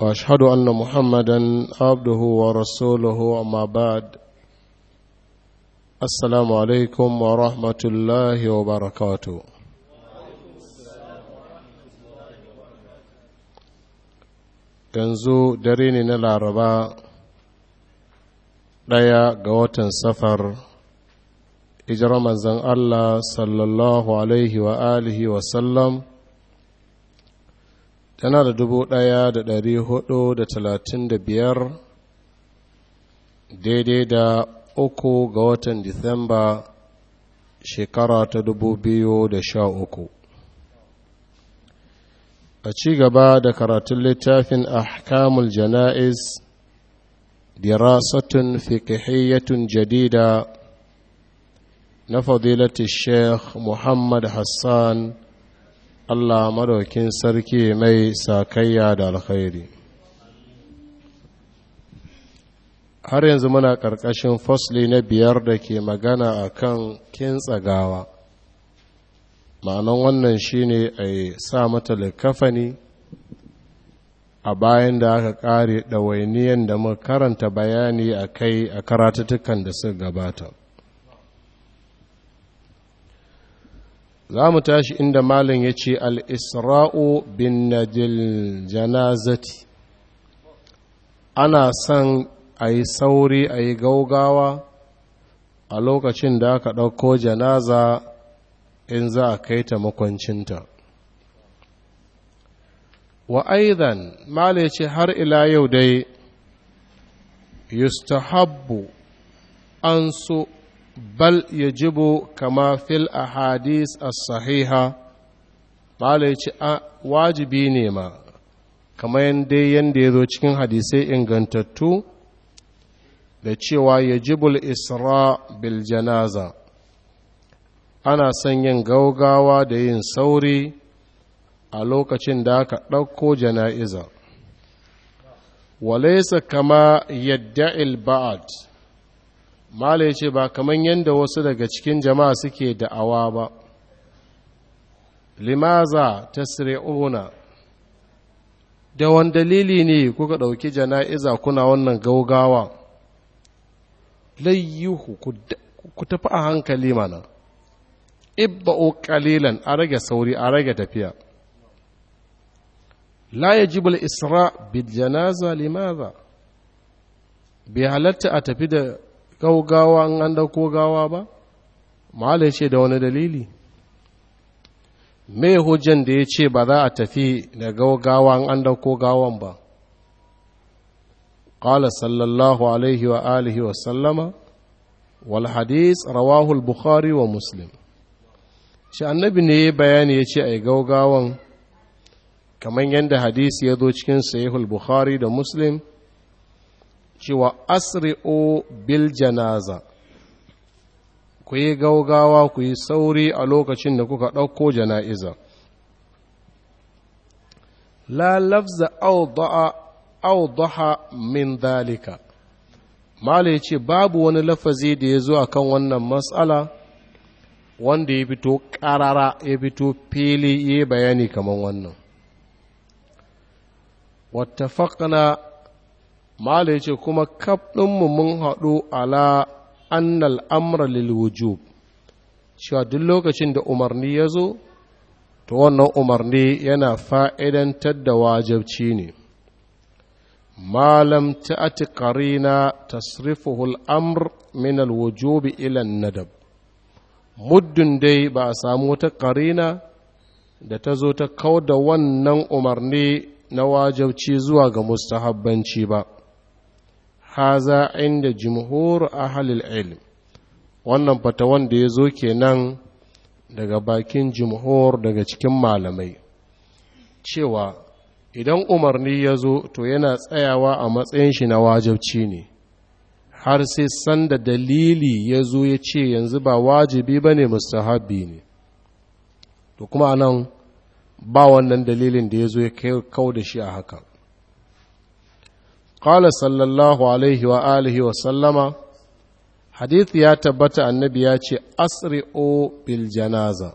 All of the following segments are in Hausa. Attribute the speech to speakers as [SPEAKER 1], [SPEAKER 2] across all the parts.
[SPEAKER 1] واشهد ان محمدا عبده ورسوله اما بعد السلام عليكم ورحمه الله وبركاته yanzu dare ne na laraba ɗaya ga watan safar ijirar manzan allah sallallahu alaihi wa alihi sallam. tana da dubu ɗaya da ɗari hudu da talatin da biyar daidai da uku ga watan disamba shekara ta dubu biyu da sha uku a ci gaba da karatun littafin ahkamul jana'iz dirasatun fikihiyyatun jadida na fadilatun sheikh muhammad hassan Allah madaukin sarki mai sakayya da alkhairi har yanzu muna ƙarƙashin fasli na biyar da ke magana a kan tsagawa ma'anan wannan shine a sa mata likafani a bayan da aka ƙare ɗawainiyan da muka karanta bayani a kai a karatattukan da suka gabata za mu tashi inda malin ya ce al'isra'u bin najil janazati ana son a yi sauri a yi gaugawa a lokacin da aka ɗauko janaza in za a kai ta makwancinta wa aizan malin ya ce har ila yau dai yustahabbu an so bal yajibu kama fil ahadis as-sahiha bale ce a wajibi ne ma kamar yadda yanda ya zo cikin hadisai ingantattu da cewa yajibul isra bil janaza ana son yin gaugawa da yin sauri a lokacin da aka ɗauko jana'iza walaisa kama yadda ilba'ad. mala ya ce ba kamar yadda wasu daga cikin jama'a suke da'awa ba limaza ta tasri'una da wani dalili ne kuka ɗauki jana'iza kuna wannan gaugawa layyuhu ku tafi a hankali mana ibba'u ƙalilan a rage sauri a rage tafiya la yajibu al-isra bi janaza limaza bi halatta a tafi da gaugawa an an dauko gawa ba malai ce da wani dalili mai hujjan da ya ce ba za a tafi da gaugawa an an dauko gawan ba sallallahu alaihi wa alihi wa sallama wal hadis rawahul bukhari wa muslim shi annabi ne ya bayani ya ce a yi gaugawan kamar yadda hadisi ya zo cikin sahihul bukhari da muslim cewa asri'u bil janaza ku yi gaugawa ku yi sauri a lokacin da kuka ɗauko jana'iza la lafza au audaha min dalika mala ya ce babu wani lafazi da ya zo a kan wannan matsala wanda ya fito ƙarara ya fito fili ya bayani kamar wannan wata wattafaƙna mala ya ce kuma kaf ɗinmu mun haɗu ala annal amra lil wujub cewa duk lokacin da umarni ya zo ta wannan umarni yana fa'idantar da wajabci ne malam ta'ati qarina na al-amr min al-wujubi ilan nadab muddin dai ba a samu wata karina da ta zo ta kau da wannan umarni na wajabci zuwa ga mustahabbanci ba haza inda jumhur ahlul ilm wannan fatawan wanda ya zo kenan daga bakin jumhur daga cikin malamai cewa idan umarni ya zo to yana tsayawa a matsayin shi na wajabci ne har sai sanda dalili ya zo ya ce yanzu ba wajibi ba ne mustahabi ne to kuma anan ba wannan dalilin da ya zo ya kau da shi a haka qala sallallahu alaihi wa alihi wa sallama hadith ya tabbata annabi ya ce asri'u bil janaza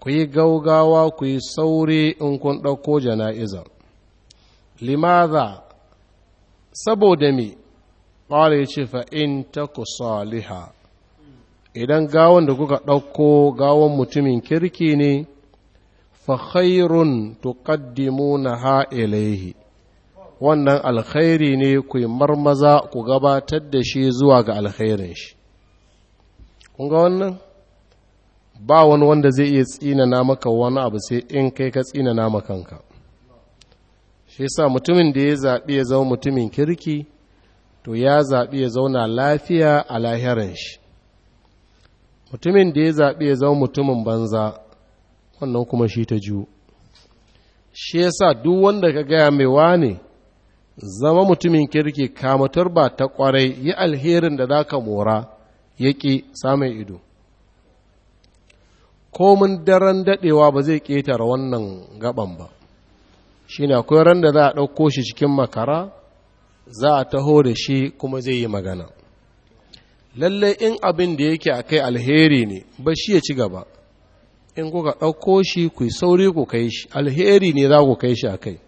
[SPEAKER 1] ku yi gaugawa ku yi sauri in kun ɗauko jana'iza limaza saboda me ƙwara ya ce fa'in ta ku saliha idan gawon da kuka ɗauko gawon mutumin kirki ne fa tuƙaddimu tuqaddimuna ha ilaihi wannan alkhairi ne ku marmaza ku gabatar da shi zuwa ga alkhairin shi kun ga wannan ba wani wanda zai iya tsinana maka wani abu sai in kai ka tsinana makanka shi sa mutumin da ya zaɓi ya zama mutumin kirki to ya zaɓi ya zauna lafiya a lahirin shi mutumin da ya zaɓi ya zama mutumin banza wannan kuma shi ta ju shi yasa duk wanda ka gaya mai wane zama mutumin kirki kamatar ba ta kwarai yi alherin da za ka mora ya ƙi samun ido komin daren daɗewa ba zai ƙetare wannan gaban ba shi ne akwai ran da za a ɗauko shi cikin makara za a taho da shi kuma zai yi magana lallai in abin da yake a kai alheri ne ba shi ya ci gaba in kuka ɗauko shi ku yi sauri ku kai shi alheri ne za ku kai shi a kai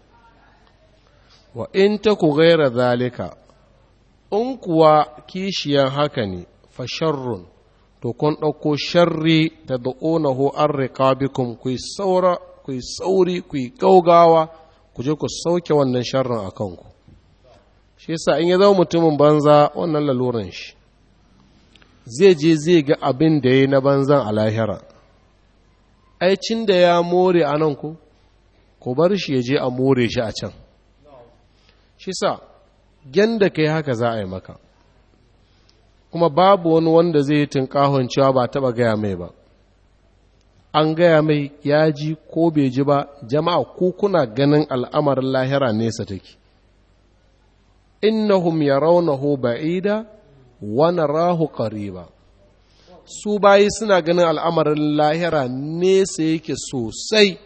[SPEAKER 1] wa in ta ku gaira zalika in kuwa kishiyan haka ne fasharrun sharrun to kun ɗauko sharri ta ho an riƙabikum ku saura ku sauri ku gaugawa ku je ku sauke wannan sharrin a kanku shi yasa in ya zama mutumin banza wannan laluran shi zai je zai ga abin da ya na banzan a lahira aicin da ya more a nan ku ku bar shi ya je a more shi a can shi sa gyanda ka yi haka za a yi maka kuma babu wani wanda zai yi tunkahon cewa ba taba gaya mai ba an gaya mai ya ji ko bai ji ba jama'a ko kuna ganin al'amarin lahira nesa take innahum yarawnahu ba'ida wa narahu ba. su bayi suna ganin al'amarin lahira nesa yake sosai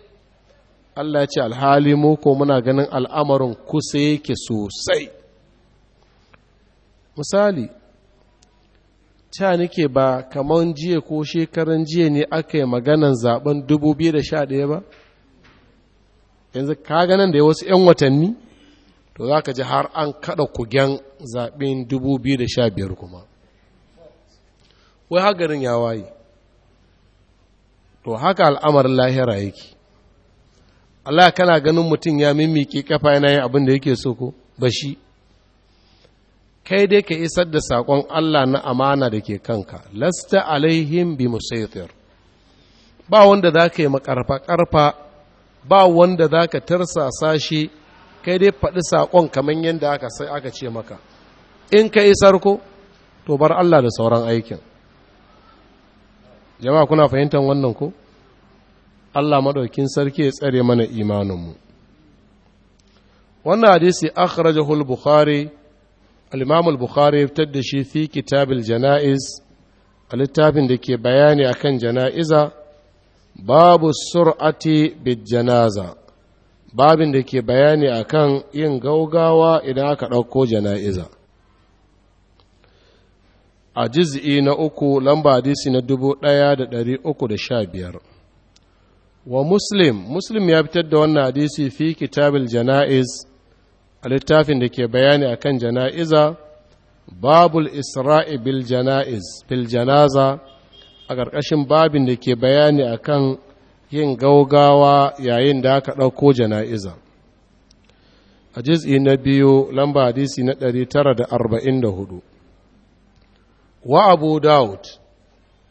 [SPEAKER 1] Allah ya ce alhali mu ko muna ganin al'amarin kusa yake sosai misali ta nike ba kamar jiya ko shekaran jiya ne aka yi maganan zaben 2011 ba yanzu ka ganin da ya wasu 'yan watanni to za ka ji har an kada kugen zaben 2015 kuma wai hagarin ya waye to haka al'amarin lahira yake Allah kana ganin mutum ya mimmiƙe kafa yana yin abin da yake so ko ba shi kai dai ka isar da saƙon Allah na amana da ke kanka lasta alaihim bi musaitir ba wanda za ka yi makarfa-karfa ba wanda za ka tarsasa shi kai dai faɗi saƙon kamar yadda aka sai aka ce maka in ka isar ko to bar Allah da sauran aikin jama'a kuna fahimtar wannan ko Allah maɗaukin sarki ya tsare mana imaninmu wannan hadisi akhrajahu al-bukhari al bukhari ya fitar da shi fi kitabil janaiz a littafin da ke bayani akan jana'iza babu sur'ati bid janaza babin da ke bayani akan yin gaugawa idan aka ɗauko jana'iza a jiz'i na uku lamba hadisi na dubu ɗaya da ɗari uku da sha biyar wa muslim muslim ya fitar da wannan hadisi fi kitabul jana'iz a littafin da ke bayani akan jana'iza babul isra'i bil jana'iz bil janaza a ƙarƙashin babin da ke bayani akan yin gaugawa yayin da aka ɗauko jana'iza a jiz'i na biyu lamba hadisi na 944 wa abu daud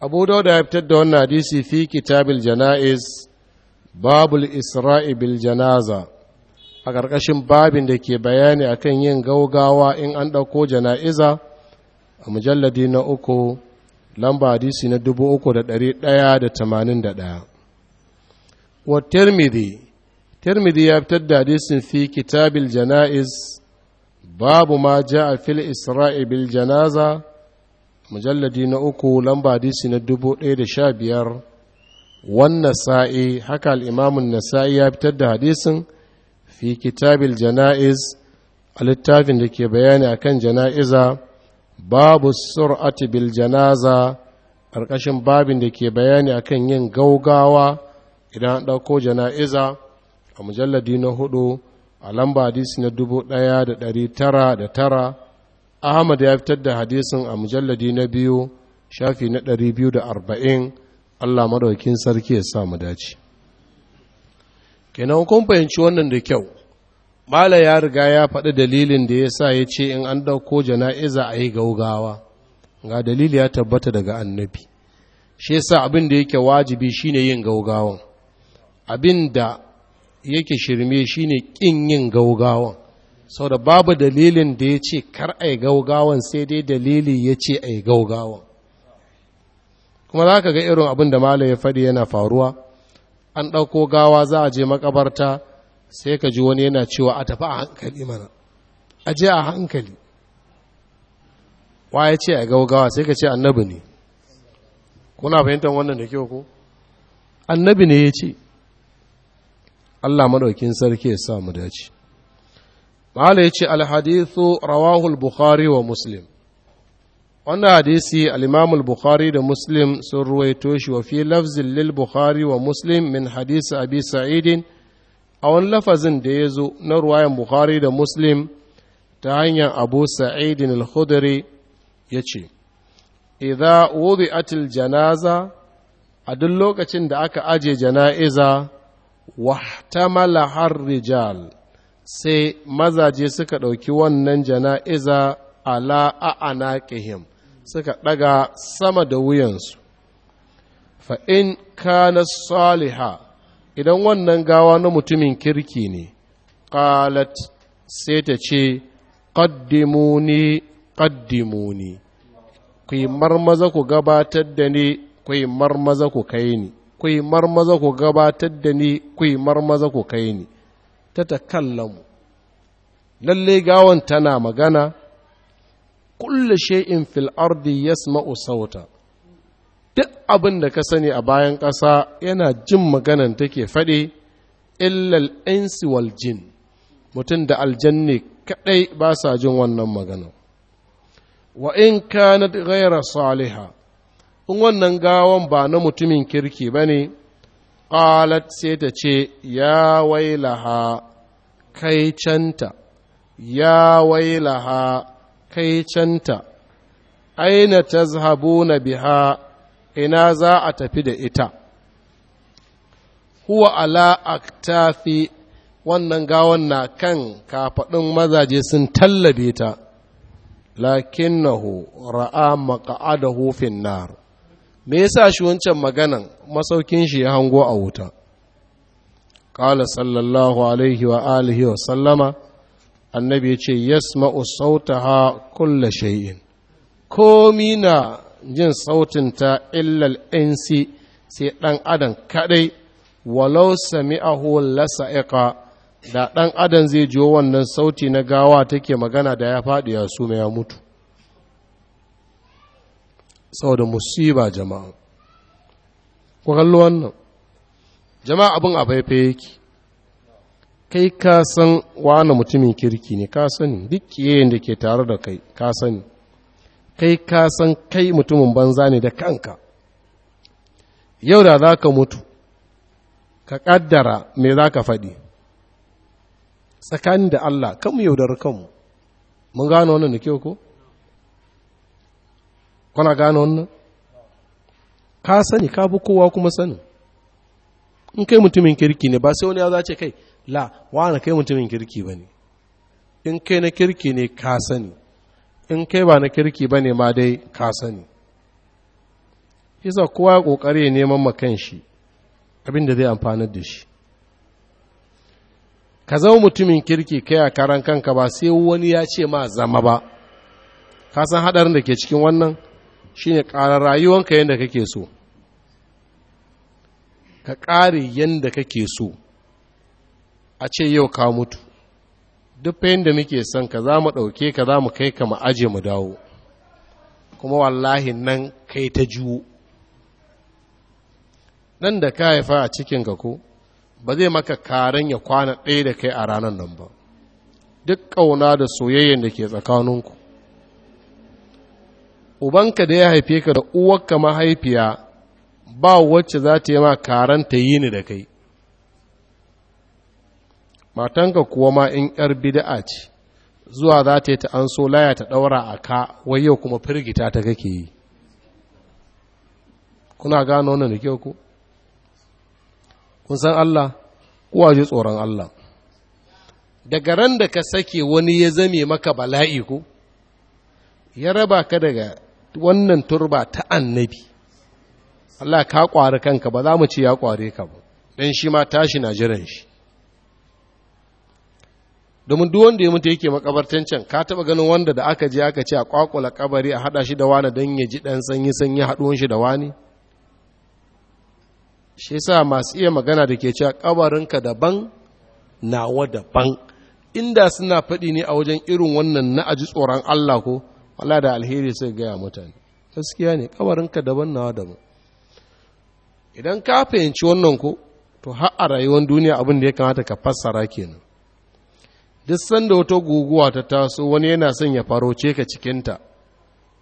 [SPEAKER 1] abu daud ya fitar da wannan hadisi fi kitabul jana'iz babul isra'i bil janaza a ƙarƙashin babin da ke bayani akan yin gaugawa in an ɗauko jana'iza a mujalladi na uku lamba hadisi na dubu uku da ɗari ɗaya da tamanin da ɗaya wa tirmidhi ya fitar da hadisin fi kitabil jana'iz babu ma a fil isra'i bil janaza mujalladi na uku lamba hadisi na dubu ɗaya da sha biyar wan sa'i haka al'imamun nasa'i ya fitar da hadisin fi kitabil jana'iz a littafin da ke bayani akan jana'iza babu sur'ati bil janaza ƙarƙashin babin da ke bayani akan yin gaugawa idan an ɗauko jana'iza a mujalladi na hudu a lamba hadisi na dubu ɗaya da ɗari tara da tara ahmad ya fitar da hadisin a mujalladi na biyu shafi na ɗari biyu da arba'in Allah madaukin sarki ya sa mu dace kenan kun fahimci wannan da kyau mala ya riga ya faɗi dalilin da ya sa ya ce in an ɗauko jana'iza a yi gaugawa ga dalili ya tabbata daga annabi shi yasa abin da yake wajibi shine yin gaugawan abin da yake shirme shine ƙin yin gaugawan sau da babu dalilin da ya ce kar a yi gaugawan sai dai dalili ya ce a yi gaugawan kuma za ka ga irin abin da malam ya faɗi yana faruwa an ɗauko gawa za a je makabarta sai ka ji wani yana cewa a tafi a hankali mana a je a hankali wa ya ce a gawa sai ka ce annabi ne kuna fahimtar wannan da kyau ko annabi ne ya ce Allah maɗaukin sarki ya sa mu dace Malam ya ce alhadithu rawahul bukhari wa muslim wannan hadisi al bukhari da muslim sun ruwaito shi wa fi lafzin lil bukhari wa muslim min hadisi abi sa'idin a wani lafazin da ya zo na ruwayan bukhari da muslim ta hanyar abu sa'idin al-khudri ya ce idha atil janaza a duk lokacin da aka aje jana'iza wahtamala har rijal sai mazaje suka ɗauki wannan jana'iza ala a'anaqihim suka ɗaga sama da wuyansu fa in kana saliha idan wannan gawa na mutumin kirki ne Ƙalat sai ta ce ƙaddimuni ƙaddimuni ku yi marmaza ku gabatar da ni ku yi marmaza ku kai ni ku yi marmaza ku gabatar da ni ku yi marmaza ku kai ni ta kallon lalle gawan tana magana kulle shay'in fil ardi yasma'u sauta duk abin da ka sani a bayan ƙasa yana jin maganan take faɗe illal insi wal jin mutum da aljanni kaɗai ba sa jin wannan magana wa in kanat ghaira saliha in wannan gawan ba na mutumin kirki ba ne ƙalat sai ta ce ya wailaha kai canta ya wailaha kai canta aina tazhabuna biha ina za a tafi da ita huwa ala aktafi wannan gawan na kan kafaɗin mazaje sun tallabe ta lakinnahu ra'a maqa'adahu fin nar me yasa shi wancan maganan masaukin shi ya hango a wuta qala sallallahu alaihi wa alihi wa sallama annabi ya ce yasma'u sautaha kulla shay'in komi na jin sautin ta illal insi sai ɗan adam kaɗai walau sami'ahu lasa'iqa da ɗan adam zai jiwo wannan sauti na gawa take magana da ya faɗi ya su ya mutu saboda musiba jama'a ku kallo wannan jama'a abin a faifai yake kai ka san wane mutumin kirki ne ka sani duk kiyayen da ke tare da kai ka sani kai ka san kai mutumin banza ne da kanka yau da za ka mutu ka ƙaddara me za ka faɗi tsakanin da Allah kan mu yaudar mu mun gano wannan da kyau ko? kuna gano wannan? ka sani ka bi kowa kuma sani in kai mutumin kirki ne ba sai wani ya zace kai la wa'ana kai mutumin kirki ba ne in kai na kirki ne ka sani in kai ba na kirki ba ne ma dai ka sani isa kowa ya ya neman makan shi abin da zai amfanar da shi ka zama mutumin kirki kai a karan kanka ba sai wani ya ce ma zama ba ka san haɗarin da ke cikin wannan shine ƙara rayuwanka yadda kake so ka ƙare yadda kake so a ce yau ka mutu duk fayin da muke son ka za mu ɗauke ka za mu kai ka mu ajiye mu dawo kuma wallahi nan kai ta juwo nan da ka haifa a cikinka ko ba zai maka karen ya kwana ɗaya da kai a ranar nan ba duk ƙauna da soyayyen da ke tsakaninku ubanka da ya haife ka da uwarka mahaifiya ba wacce za ta yi ma karen ta yi ni da kai matanka kuwa ma in yar bid'a ce zuwa za ta yi ta an so laya ta ɗaura a ka wai yau kuma firgita ta kake yi kuna gano wannan da kyau ku kun san Allah kuwa ji tsoron Allah daga ran da ka sake wani ya zame maka bala'i ko ya raba ka daga wannan turba ta annabi Allah ka ƙwari kanka ba za mu ce ya kware ka ba don shi ma tashi na jiran shi domin duk wanda ya mutu yake makabartan can ka taba ganin wanda da aka je aka ce a kwakwala kabari a hada shi da wani don ya ji dan sanyi sanyi haduwan shi da wani shi yasa masu iya magana da ke cewa kabarinka daban nawa daban inda suna faɗi ne a wajen irin wannan na aji tsoron Allah ko wala da alheri sai gaya mutane gaskiya ne kabarinka daban nawa daban idan ka fahimci wannan ko to har a rayuwar duniya abin da ya kamata ka fassara kenan duk sanda wata guguwa ta taso wani yana son ya faroce ka cikinta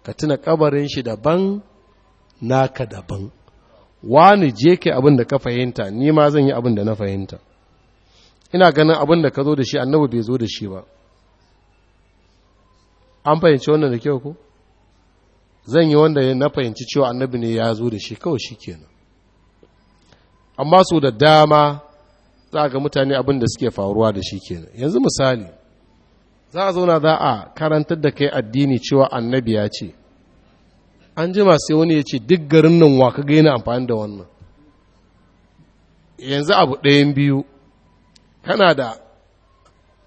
[SPEAKER 1] ka tuna kabarin shi daban naka daban wani je ke abin da ka fahimta ni ma zan yi abin da na fahimta ina ganin abin da ka zo da shi annabi bai zo da shi ba an fahimci wannan da kyau ko zan yi wanda na fahimci cewa annabi ne ya zo da shi kawai shi kenan amma su da dama za ga mutane abin da suke faruwa da shi kenan yanzu misali za a zauna za a karantar da kai addini cewa annabi ya ce an jima sai wani ya ce duk garin nan wa ka gaina amfani da wannan yanzu abu ɗayan biyu kana da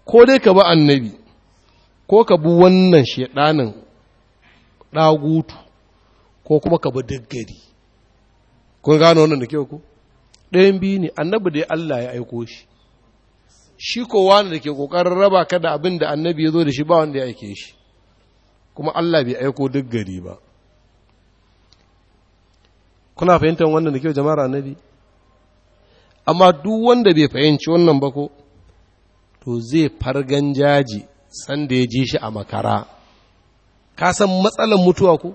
[SPEAKER 1] ko dai ka bi annabi ko ka bi wannan shaɗanin ɗagutu ko kuma ka bi gari kun gano wannan da kyau ku ɗayan biyu ne annabi dai Allah ya aiko shi shi ko wani da ke ƙoƙarin raba ka da abin da annabi ya zo da shi ba wanda ya aike shi kuma Allah bai aiko duk gari ba kuna fahimtar wannan da kyau jama'ar annabi amma duk wanda bai fahimci wannan ba ko to zai fargan jaji sanda ya ji shi a makara kasan san matsalan mutuwa ko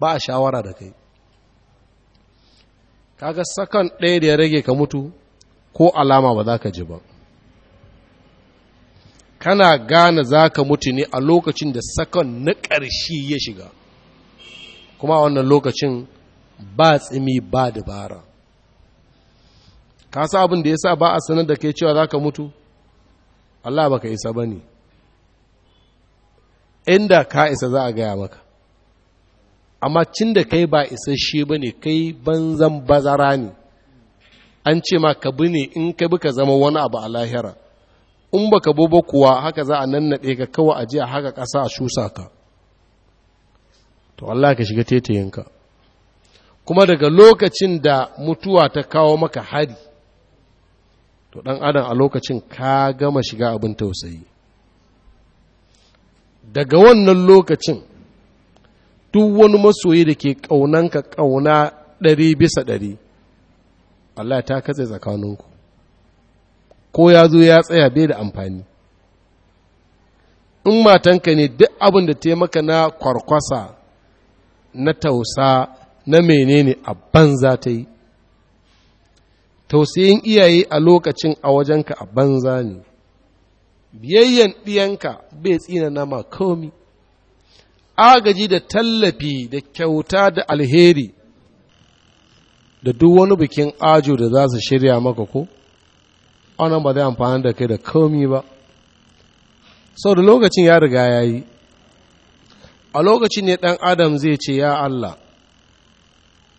[SPEAKER 1] ba a shawara da kai kaga sakan ɗaya da ya rage ka mutu ko alama ba za ka ji ba kana gane za ka mutu ne a lokacin da sakan na ƙarshe ya shiga kuma a wannan lokacin ba tsimi ba dabara kasa abin da ya sa ba a sanar da ke cewa za ka mutu Allah ba ka isa ba ne inda ka isa za a gaya maka amma cin da kai ba isasshe ba ne kai banzan bazara ne an ce ma ka bi ne in ka bi ka zama wani abu a lahira in ba ka boba kuwa haka za a nannaɗe ka kawai a je a haka ƙasa a shusa ka to Allah ka shiga tetayinka kuma daga lokacin da mutuwa ta kawo maka hari to ɗan adam a lokacin ka gama shiga abin tausayi daga wannan lokacin duk wani masoyi da ke ƙaunanka ƙauna ɗari bisa ɗari Allah ta katse tsakaninku ko ya zo ya tsaya bai da amfani in matanka ne duk abin da taimaka na kwarkwasa na tausa na menene a banza ta yi tausayin iyaye a lokacin a wajenka a banza ne biyayyen ɗiyanka bai tsina na makomi. agaji da tallafi da kyauta da alheri da duk wani bikin ajo da za su shirya maka ko wannan ba zai amfani da kai da komi ba sau da lokacin ya riga ya yi a lokacin ne ɗan adam zai ce ya Allah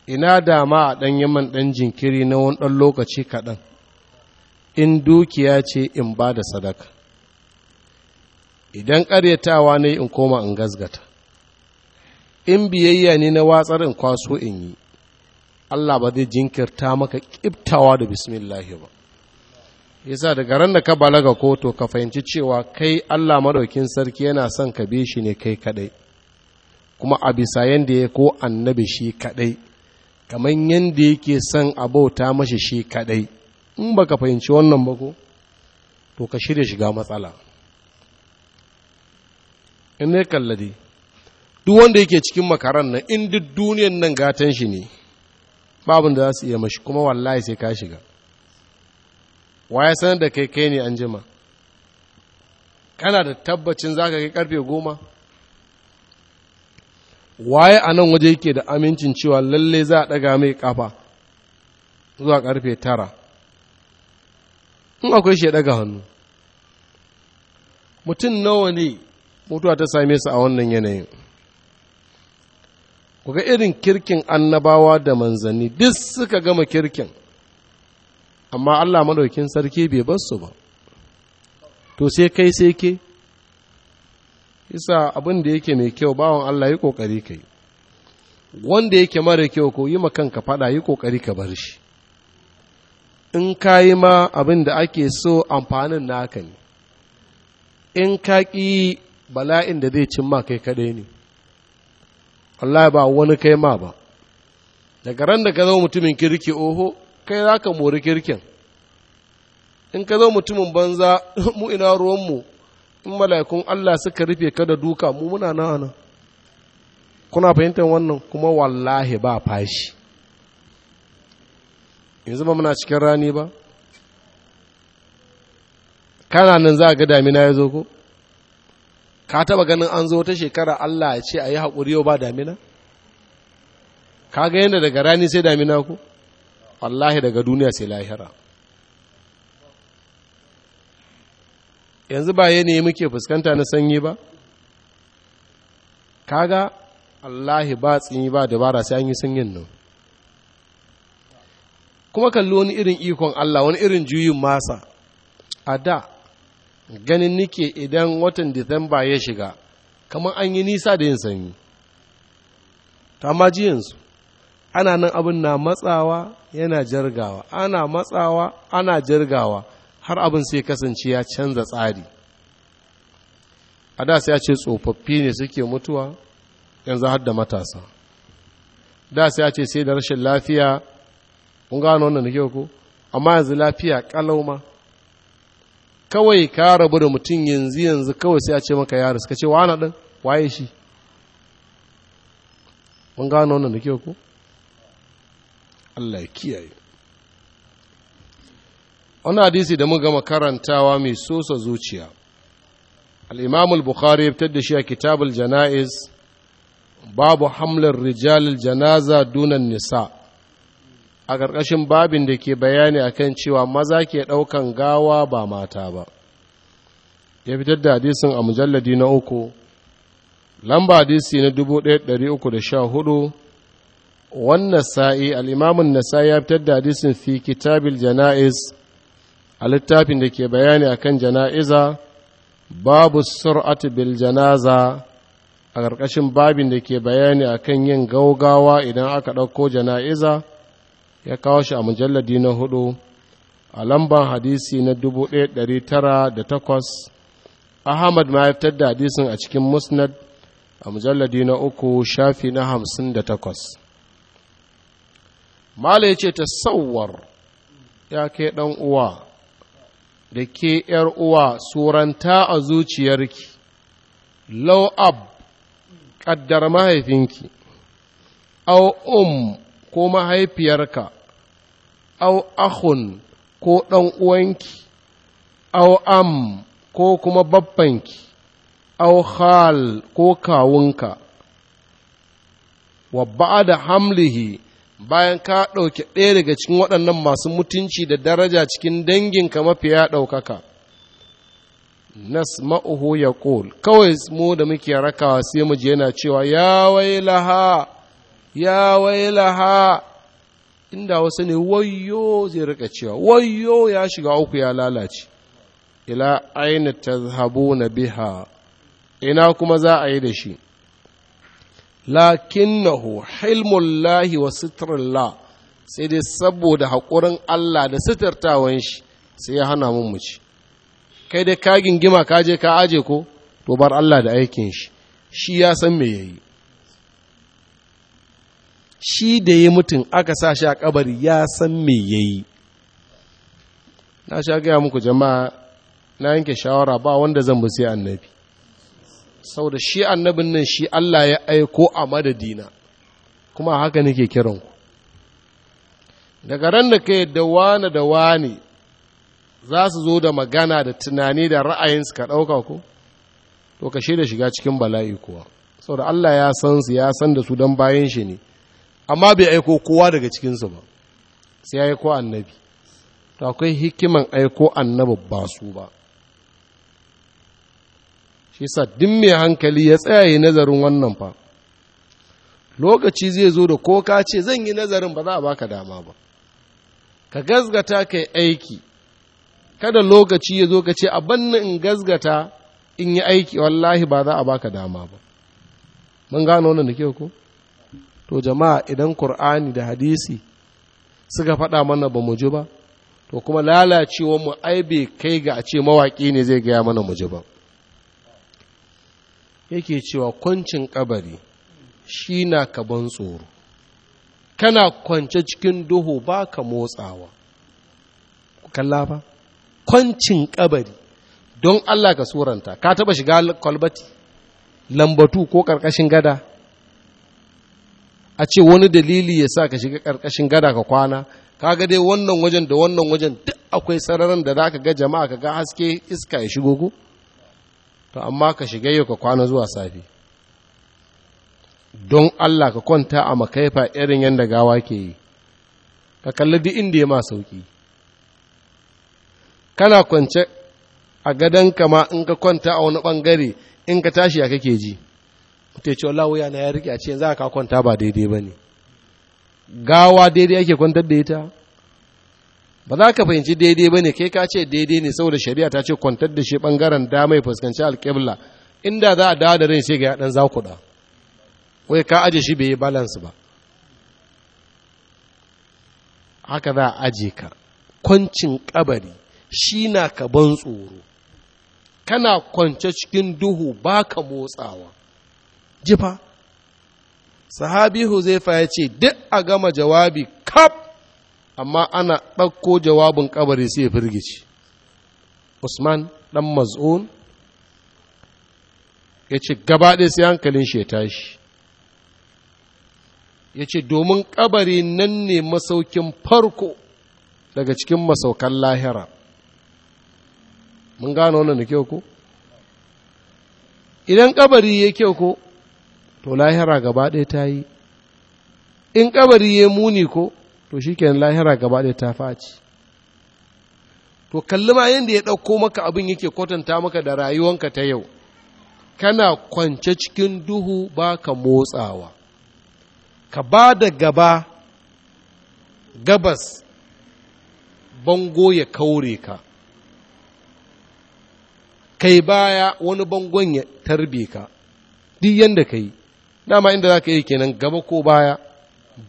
[SPEAKER 1] ina dama a ɗan yaman ɗan jinkiri na wani ɗan lokaci kaɗan in dukiya ce in ba da sadaka idan ƙaryatawa ne in koma in gazgata in biyayya ne na watsar in kwaso in yi Allah ba zai jinkirta maka ƙiftawa da bismillahi ba yasa daga ran da ka balaga ko to ka fahimci cewa kai Allah maɗaukin sarki yana son ka bi shi ne kai kadai kuma a bisa yadda ya ko annabi shi kadai kamar yanda yake son abauta mashi shi kadai in ba ka fahimci wannan ba ko to ka shirya shiga matsala in ne kalladi duk wanda yake cikin makaran nan in duk duniyan nan gatan shi ne babin da za su iya mashi kuma wallahi sai ka shiga ya sanar da kai kai ne an jima kana da tabbacin za ka kai karfe goma waye a nan waje yake da amincin cewa lalle za a ɗaga mai kafa zuwa karfe tara in akwai shi ya ɗaga hannu mutum nawa ne mutuwa ta same su a wannan yanayin ku ga irin kirkin annabawa da manzanni duk suka gama kirkin amma Allah madaukin sarki bai bar su ba to sai kai sai ke isa abin da yake mai kyau bawan Allah yi kokari kai wanda yake mara kyau ko yi kanka fada yi kokari ka bar shi in ka yi ma abin da ake so amfanin naka ne in ka ƙi bala'in da zai cin ma kai kaɗai ne Allah ba wani kai ma ba daga ran da ka zo mutumin kirki oho kai za ka mori kirkin in ka zo mutumin banza mu ina ruwanmu in mala'ikun Allah suka rufe ka da duka mu muna nan kuna fahimtar wannan kuma wallahi ba fashi yanzu ba muna cikin rani ba kana nan za ga damina ya zo ko ka taba ganin an zo ta shekara Allah ya ce a yi haƙuri yau ba damina ka ga yadda daga rani sai damina ku wallahi daga duniya sai lahira yanzu ba yanayi muke fuskanta na sanyi ba ka ga wallahi ba tsini ba dabara sai an yi sanyin nan kuma kalli wani irin ikon Allah wani irin juyin masa a da ganin nike idan watan disamba ya shiga kamar an yi nisa da yin sanyi ta maji ana nan abin na matsawa yana jirgawa ana matsawa ana jirgawa har abin sai kasance ya canza tsari a da ya ce tsofaffi ne suke mutuwa yanzu har da matasa da sai ya ce sai da rashin lafiya kun gano wannan da ko amma yanzu lafiya kalau ma kawai ka rabu da mutum yanzu yanzu kawai sai a ce maka yaro suka ce wani ɗin waye shi mun gano wannan da Allah ya kiyaye wani hadisi da mun gama karantawa mai sosa zuciya al-imam al-bukhari ya da shi a kitabul janaiz babu hamlar rijalil janaza dunan nisa' a ƙarƙashin babin da ke bayani akan cewa maza ke ɗaukan gawa ba mata ba ya fitar da hadisin a mujalladi na uku lamba hadisi na 1314 wannan sa'i al'imamun nasa ya fitar da hadisin fi kitabil jana'iz a littafin da ke bayani akan jana'iza babu sur'at bil janaza a ƙarƙashin babin da ke bayani akan yin gaugawa idan aka ɗauko jana'iza ya kawo shi a mujalladi na hudu a lamban hadisi na 1908 ahmad ma ya fitar da hadisin a cikin musnad a mujalladi na uku shafi na hamsin da takwas mala ya ce ta sauwar ya ke ɗan uwa da ke ‘yar uwa suranta a zuciyarki low up ƙaddar mahaifinki au um ko mahaifiyarka au ahun ko ɗan uwanki au am ko kuma babbanki au hal ko kawunka wa ba'da hamlihi bayan ka ɗauke ɗaya daga cikin waɗannan masu mutunci da daraja cikin danginka mafiya ɗaukaka nasma'uhu ya kawai mu da muke rakawa sai mu je yana cewa ya wai laha ya wailaha inda wasu ne wayo zai rika cewa wayo ya shiga uku ya lalace ila aina na biha ina kuma za a yi da shi lakinnahu hilmullahi wa la, sai dai saboda haƙurin Allah da sitartawan shi sai ya hana mun muci kai dai ka gingima ka je ka aje ko to bar Allah da aikin shi shi ya san me yayi shi da ya mutum aka sa shi a kabari ya san me ya yi na sha gaya muku jama'a na yanke shawara ba wanda zan bi sai annabi sau da shi annabin nan shi Allah ya aiko a madadina kuma haka nake kiran ku daga ran da ka yadda wane da wane za su zo da magana da tunani da ra'ayinsu ka ɗauka ku to ka shirya shiga cikin bala'i kuwa da Allah ya san su ya san da su don bayan shi ne amma bai aiko kowa daga cikinsu ba sai ya aiko annabi to akwai hikiman aiko annabi ba su ba shi sa mai hankali ya tsaya yi nazarin wannan fa lokaci zai zo da ko ka ce zan yi nazarin ba za a baka dama ba ka gazgata ka yi aiki kada lokaci ya zo ka ce abin in gazgata in yi aiki wallahi ba za a baka dama ba mun gano wannan da ke ko to jama'a idan ƙur'ani da hadisi suka faɗa mana ba mu ji ba to kuma lalacewar mu ai bai kai ga a ce mawaƙi ne zai gaya mana mu ji ba yake cewa kwancin kabari shi na kaban tsoro kana kwance cikin duhu ba ka motsawa kalla ba kwancin kabari don Allah ka suranta ka taba shiga kwalbati lambatu ko ƙarƙashin gada a ce wani dalili ya sa ka shiga ƙarƙashin gada ka kwana kaga dai wannan wajen da wannan wajen duk akwai sararin da za ka ga jama'a ka ga haske iska ya shigo ku to amma ka shiga yau ka kwana zuwa safe don Allah ka kwanta a makaifa irin yadda gawa ke yi ka kalli duk inda ya ma sauki kana kwance a gadon kama in ka kwanta a wani bangare in ka tashi a kake ji mutu ya ce wuya na ya rike a ce za aka kwanta ba daidai ba ne gawa daidai ake kwantar da ita ba za ka fahimci daidai ba ne kai ka ce daidai ne saboda shari'a ta ce kwantar da shi ɓangaren damai fuskanci alƙibla inda za a dawo da rai sai ga yaɗan da. wai ka aje shi bai yi balance ba haka za a aje ka kwancin kabari shi na ka ban tsoro kana kwance cikin duhu ba ka motsawa jifa sahabi huzaifa ya ce duk a gama jawabi kaf amma ana ɗauko jawabin kabari sai firgici usman ɗan maz'un ya ce gabaɗe sai hankalin shi ya tashi ya ce domin ƙabari nan ne masaukin farko daga cikin masaukan lahira mun gano wannan da kyau ko idan ƙabari ya kyau ko to lahira gaba ɗaya ta yi in kabari ya muni ko to shi ke lahira gaba ɗaya ta faci to kalli ma yadda ya ɗauko maka abin yake kwatanta maka da rayuwanka ta yau kana kwance cikin duhu ba ka motsawa ka ba da gaba gabas bango ya kaure ka kai baya wani bangon ya tarbe ka duk yadda ka yi dama inda za ka yi kenan gaba ko baya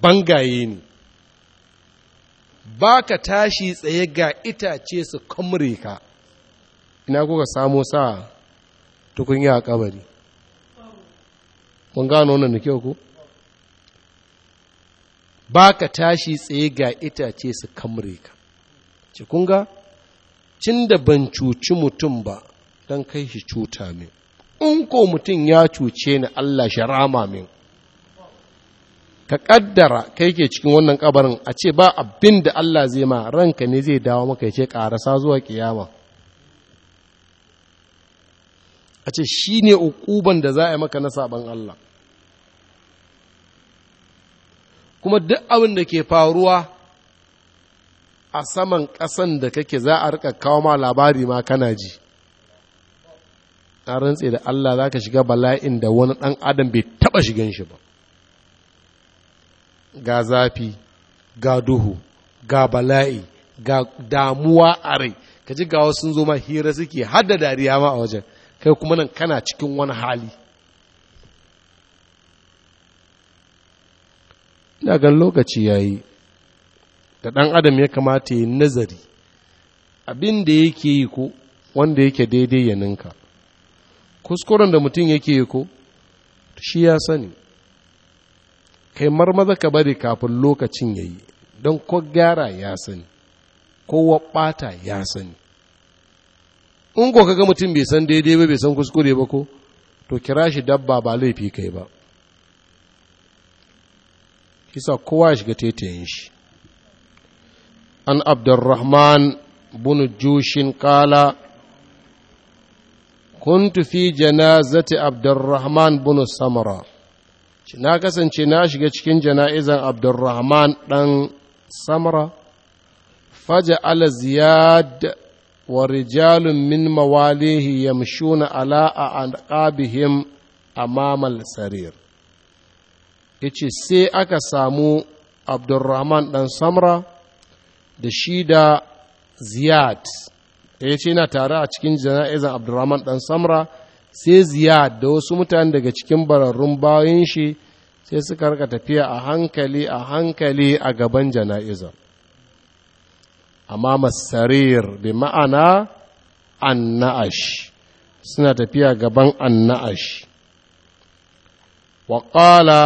[SPEAKER 1] bangaye ne ba ka tashi tsaye ga itace su kamre ka ina kuka samo sa tukunya a kabari kun gano wannan da kyau ko ba ka tashi tsaye ga itace su kamre ka cikunga cin da ban cuci mutum ba don kai shi cuta mai in ko mutum ya cuce ni Allah shi rama min ka kaddara kai ke cikin wannan kabarin a ce ba abin da Allah zai ma ranka ne zai dawo maka ya ce karasa zuwa kiyama a ce shi ne ukuban da za a yi maka na saban Allah kuma duk abin da ke faruwa a saman ƙasan da kake za a rika kawo ma labari ma kana ji na rantse da Allah za ka shiga bala'in da wani ɗan adam bai taɓa shigan shi ba ga zafi ga duhu ga bala'i ga damuwa a rai ka ji ga wasu zo ma hira suke hada dariya ma a wajen kai kuma nan kana cikin wani hali ina lokaci ya yi da ɗan adam ya kamata ya nazari abinda da yake yi ko wanda yake daidai ya ninka kuskuren da mutum yake yi ko shi ya sani kai marmaza ka bari kafin lokacin ya yi don ko gyara ya sani ko wabata ya sani in ko kaga mutum bai san daidai ba bai san kuskure ba ko to kira shi dabba ba laifi kai ba kisa kowa ya shiga taitayin shi an abdurrahman bunu jushin kala kuntu fi janazati abdurrahman bin samara na kasance na shiga cikin jana'izan abdurrahman ɗan samara faja ala ziyad wa rijalun min mawalihi yamshuna ala a aqabihim amamal sarir yace sai aka samu abdurrahman ɗan samra da shi da ziyad ya ce yana tare a cikin jana'izan abdurrahman dan samra sai ziyad da wasu mutane daga cikin bararrun bayan shi sai suka rika tafiya a hankali a hankali a gaban jana'iza amma masarir bi ma'ana anna'ash suna tafiya gaban anna'ash waƙala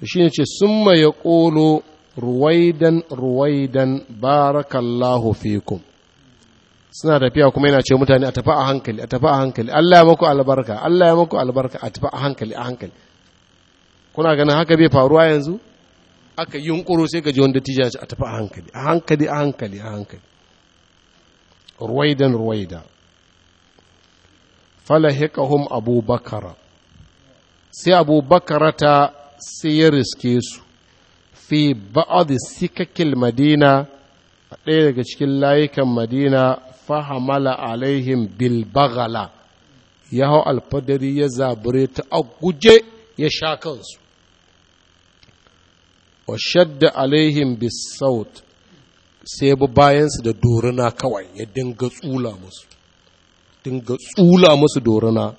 [SPEAKER 1] da shi ne ce sun ya ƙolo ruwaidan ruwaidan barakallahu fikum suna tafiya kuma yana ce mutane a tafi a hankali a tafi a hankali Allah ya muku albarka Allah ya muku albarka a tafi a hankali a hankali kuna ganin haka bai faruwa yanzu aka yunkuro sai ka ji wanda tija a tafi a hankali a hankali a hankali a hankali ruwaidan ruwaida falahikahum abubakara sai abubakara ta sai ya riske su fi ba'ad sikakil madina a ɗaya daga cikin layukan madina fahamala alaihim bilbagala ya hau alfadari ya zabure ta a guje ya sha kansu wa shadda alaihim bisaut sai bi bayansu da doruna kawai ya dinga tsula musu dinga tsula musu doruna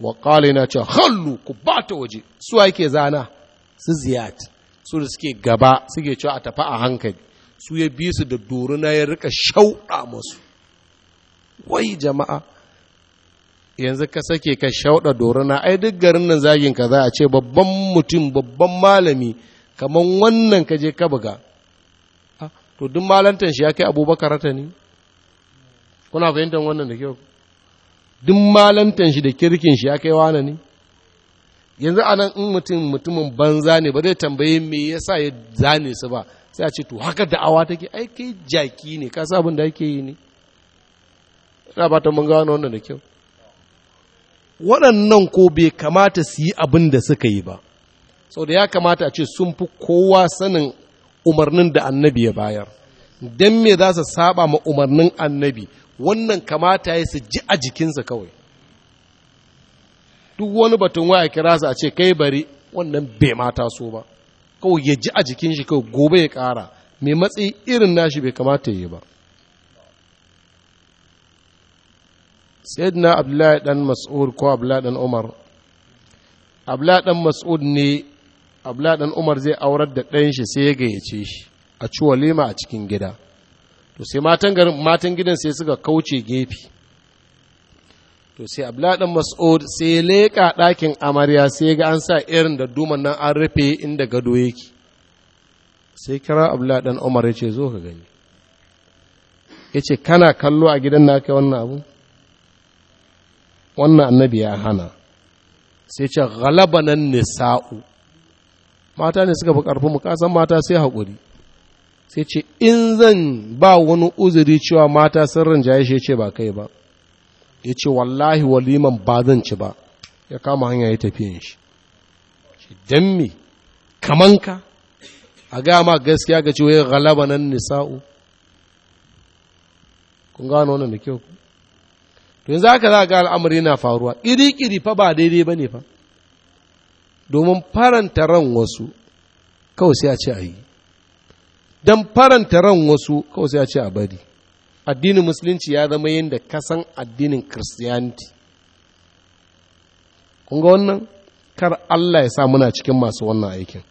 [SPEAKER 1] wa kala yana cewa hallu ku ba ta waje su ake zana su ziyat su da suke gaba suke cewa a tafi a hankali su ya bi su da doruna ya rika shauɗa musu wai jama'a yanzu ka sake ka shauɗa doruna ai duk garin nan zagin ka za a ce babban mutum babban malami kamar wannan ka je ka buga ah, to duk malantan shi ya kai abubakar ta ne kuna fahimtar wannan da kyau duk malantan shi da kirkin shi ya kai wane ne yanzu anan in mutum mutumin banza ne ba zai tambaye me yasa ya zane su ba sai a ce to haka da'awa take ai kai jaki ne ka sa abin da ake yi ne ina ba ta mun gano wannan da kyau waɗannan ko bai kamata su yi abin da suka yi ba sau da ya kamata a ce sun fi kowa sanin umarnin da annabi ya bayar don me za su saba ma umarnin annabi wannan kamata ya su ji a jikinsa kawai duk wani batun waya kira su a ce kai bari wannan bai mata so ba kawai ya ji a jikin shi kawai gobe ya ƙara mai matsayi irin nashi bai kamata ya yi ba sayyidina abdullahi dan mas'ud ko abdullahi dan umar abdullahi dan mas'ud ne abdullahi dan umar zai aurar da dan shi sai ya gayyace shi a ci walima a cikin gida to sai matan garin matan gidan sai suka kauce gefe to sai abdullahi dan mas'ud sai ya leƙa ɗakin amarya sai ga an sa irin da duman nan an rufe inda gado yake sai kira abdullahi dan umar ya ce zo ka gani ya ce kana kallo a gidan na kai wannan abu wannan annabi ya hana sai ce galabanan nisa'u mata ne suka fi ƙarfin mata sai haƙuri sai ce in zan ba wani uzuri cewa mata sun rinjaye shi ce ba kai ba ya ce wallahi waliman ba zan ci ba ya kama hanya ya tafiyan shi don me kamanka a gaya ma gaskiya ga ce wai galabanan nisa'u kun gano wannan da kyau to yanzu haka za ga al'amari yana faruwa ƙiri-ƙiri fa ba daidai ba ne fa domin faranta ran wasu kawai sai a ce a yi don faranta ran wasu kawai sai a ce a bari addinin musulunci ya zama yadda kasan addinin christianity kun wannan kar allah ya sa muna cikin masu wannan aikin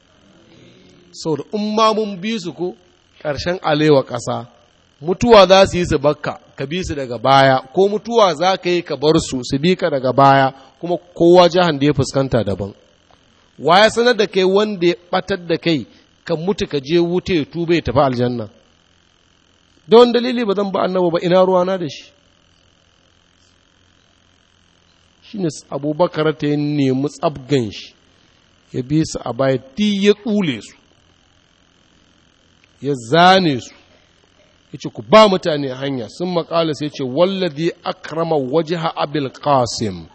[SPEAKER 1] sau da umma mun bi su ko ƙarshen alewa ƙasa mutuwa za su yi su bakka ka bi su daga baya ko mutuwa za ka yi ka bar su su bi daga baya kuma kowa jihar da ya fuskanta daban wa ya sanar da kai wanda ya batar da kai ka mutu ka je wuta ya tuba ya tafi aljanna don dalili ba zan ba annaba ba ina ruwa na da shi shi su abubakar ta yi nemi tsabgan shi ya bi su a baya ti ya kule su ya zane su yace ku ba mutane hanya sun makala sai ce wallazi akrama wajha abil qasim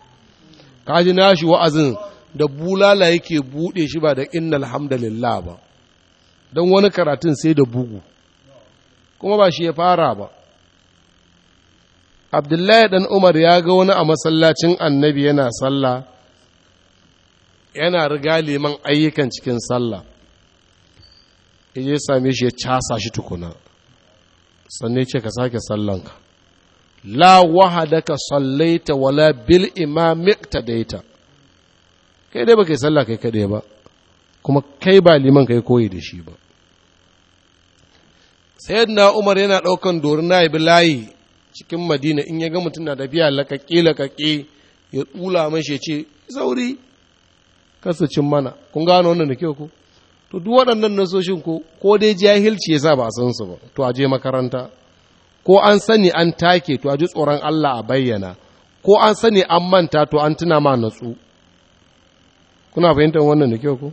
[SPEAKER 1] kaji nashi wa'azin da bulala yake bude shi ba da innal hamdalillah ba don wani karatun sai da bugu kuma ba shi ya fara ba abdullahi dan umar ya ga wani a masallacin annabi yana sallah yana riga liman ayyukan cikin sallah ya same shi ya casa shi tukuna sannan ce ka sake sallanka la ka sallaita wala bil imami daita kai dai baka kai salla kai kadai ba kuma kai ba liman kai koyi da shi ba na umar yana daukan dorin na layi cikin madina in ya ga mutum na tafiya lakaƙe lakaƙe ya tula mashi ce sauri kasa cin mana kun gano wannan da kyau ko to duk waɗannan nasoshin ko ko dai jahilci yasa ba san su ba to a je makaranta ko an sani an take to a ji tsoron Allah a bayyana ko an sani an manta to an tuna ma natsu kuna fahimtar wannan da kyau ko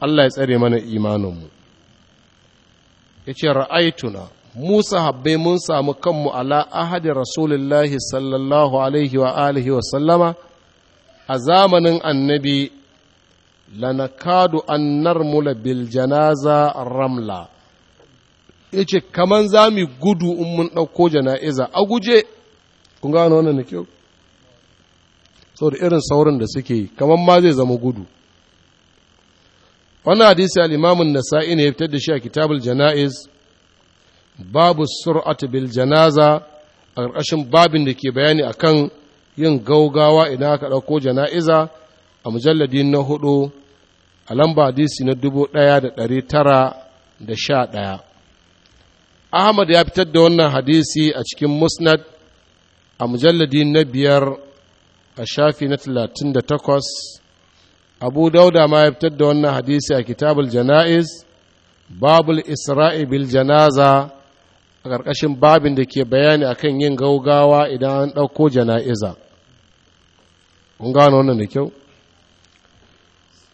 [SPEAKER 1] Allah ya tsare mana imaninmu ya ce ra'aituna Musa habbe mun samu kanmu ala ahadi rasulullahi sallallahu alaihi wa alihi wa sallama a zamanin annabi lanakadu an narmula bil janaza ramla ya ce kaman za mu gudu in mun ɗauko jana'iza a guje kun gano wannan da kyau saboda irin saurin da suke yi kaman ma zai zama gudu wannan hadisi al'imamun nasa'i ne ya fitar da shi a kitabul jana'iz babu sur'at bil janaza a ƙarƙashin babin da ke bayani akan yin gaugawa idan aka ɗauko jana'iza a mujalladi na hudu a lamba hadisi na dubu ɗaya da ɗari tara da sha ɗaya ahmad ya fitar da wannan hadisi a cikin musnad a mujalladi na biyar a shafi na talatin da takwas abu dauda ma ya fitar da wannan hadisi a kitabul jana'iz babul isra'i bil janaza a ƙarƙashin babin da ke bayani akan yin gaugawa idan an ɗauko jana'iza kun gano wannan da kyau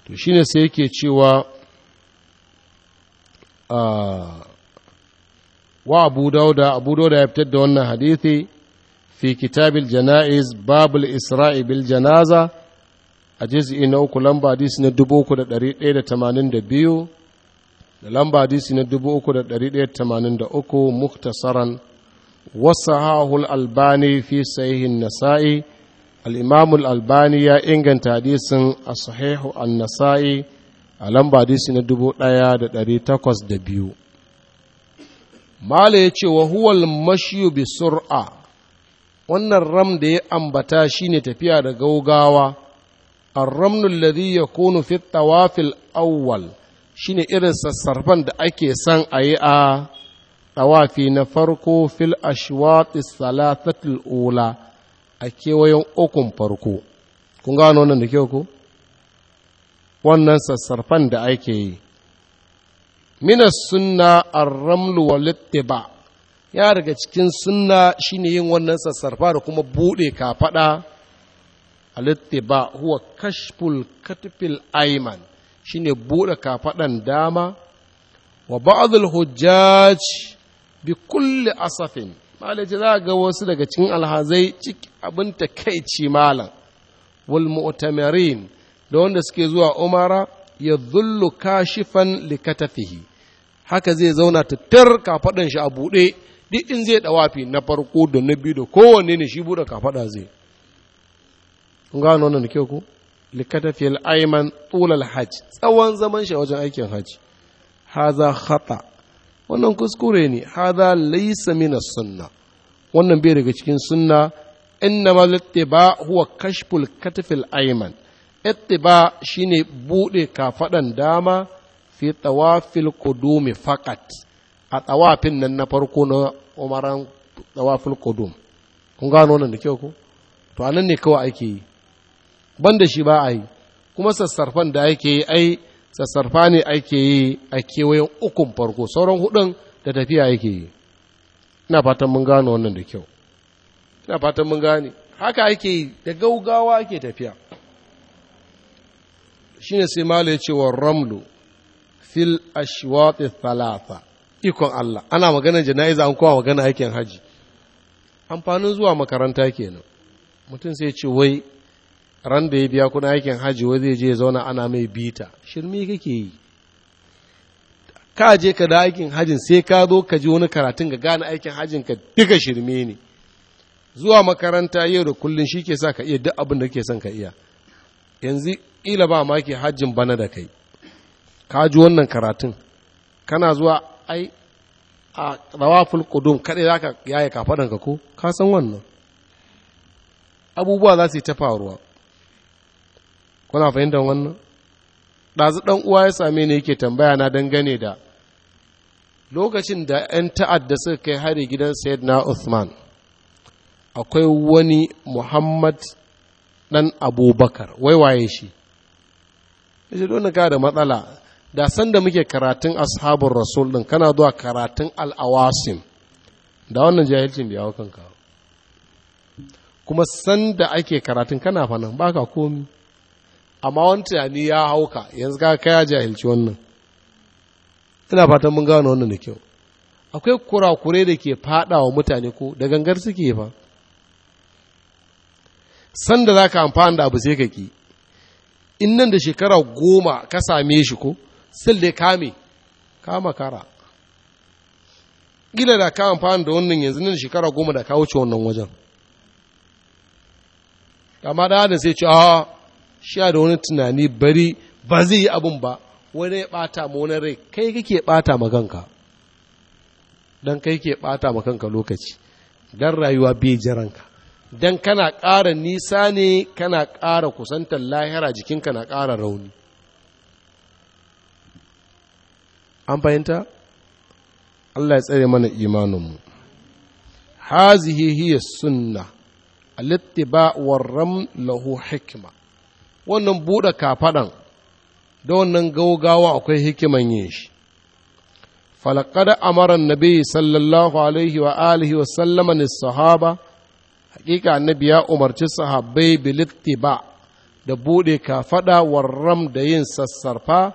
[SPEAKER 1] to shine sai yake cewa wa abu dauda abu dauda ya fitar da wannan hadithi fi kitabil jana'iz babul isra'i bil janaza a jiz'i na uku lamba hadisi na 3182 da lamba hadisi na 3183 muktasaran wasa hahul albani fi sahihin nasa'i al'imamul albani ya inganta hadisin a sahihu an nasa'i da ɗari hadisi da biyu. Malam ya ce wa huwal mashiyu bi sur'a wannan ram da ya ambata shine tafiya da gaugawa الرمل الذي يكون في الطواف Auwal shine irin sassarfan da ake son a yi a tawafi na farko fil ashwat salatatul Ola. a kewayen ukun farko kun gano wannan da kyau ko wannan sassarfan da ake yi minas sunna ar-ramlu wal ya daga cikin sunna shine yin wannan sassarfa da kuma bude kafada al-ittiba huwa kashful katfil ayman shine bude kafadan dama wa ba'd al-hujjaj bi kulli asafin malaci za ga wasu daga cikin alhazai ciki abin takaici malam wal da wanda suke zuwa umara ya zullu kashifan likatafihi haka zai zauna tattar kafaɗan shi a buɗe duk in zai ɗawafi na farko da na biyu da kowanne ne shi buɗe kafaɗa zai kun gano wannan ke ku ko al'aiman tulal hajj tsawon zaman shi a wajen aikin hajj haza khata wannan kuskure ne hada laysa min sunna wannan bai daga cikin sunna innama littiba huwa kashful katfil ayman ittiba shine bude kafadan dama fi tawafil qudumi faqat a tawafin nan na farko na umaran tawafil qudum kun gano nan da kyau ko to anan ne kawai ake yi banda shi ba a yi kuma sassarfan da ake yi ai sassarfa ne ake yi a kewayen ukun farko sauran hudun da tafiya yake yi ina fatan mun gano wannan da kyau ina fatan mun gane haka ake yi da gaugawa ake tafiya shine sai malo ya ce wa ramlu fil ashwati thalatha ikon Allah ana maganar jana'iza an kowa magana aikin haji amfanin zuwa makaranta kenan mutum sai ce wai ran da ya biya kuna aikin hajji wai zai je zauna ana mai bita shirme kake yi ka je ka da aikin hajji sai ka zo ka ji wani karatun ga gane aikin hajjin ka duka shirme ne zuwa makaranta yau da kullum shi ke sa ka iya duk abin da ke son ka iya yanzu ila ba ma ke hajjin bana da kai ka ji wannan karatun kana zuwa ai a rawaful qudum kaɗai za ka yaya kafaɗanka ko ka san wannan abubuwa za su yi ta faruwa kuna fahimtar wannan ɗazu ɗan uwa ya same ni yake tambaya na dangane da lokacin da 'yan ta'adda suka kai hari gidan na Uthman akwai wani Muhammad ɗan Abubakar waiwaye shi yace don ka da matsala da san da muke karatun ashabun rasul ɗin kana zuwa karatun al'awasim da wannan jahilcin da ya kanka kuma da ake karatun kana fanan baka komi amma wani tunani ya hauka yanzu ka kaya jahilci wannan ina fatan mun gano wannan da kyau akwai kurakure da ke fada wa mutane ko da gangar suke fa sanda za ka amfani da abu sai ka ki in nan da shekara goma ka same shi ko sai da kame kama kara gida da ka amfani da wannan yanzu nan shekara goma da ka wuce wannan wajen amma da sai ce a shi da wani tunani bari ba zai yi abin ba wani ya ɓata ma wani rai kai kake ɓata ma kanka don kai ke ɓata ma kanka lokaci don rayuwa bai jiranka don kana ƙara nisa ne kana ƙara kusantar lahira jikinka na ƙara rauni an fahimta Allah ya tsare mana imaninmu hazihi hiya sunna al-ittiba' war lahu hikima. wannan buɗe kafaɗan da wannan gaugawa akwai hikiman yin shi falakada amaran nabi sallallahu alaihi wa alihi wa sallama ni sahaba hakika annabi ya umarci sahabbai ba da buɗe kafaɗa warram da yin sassarfa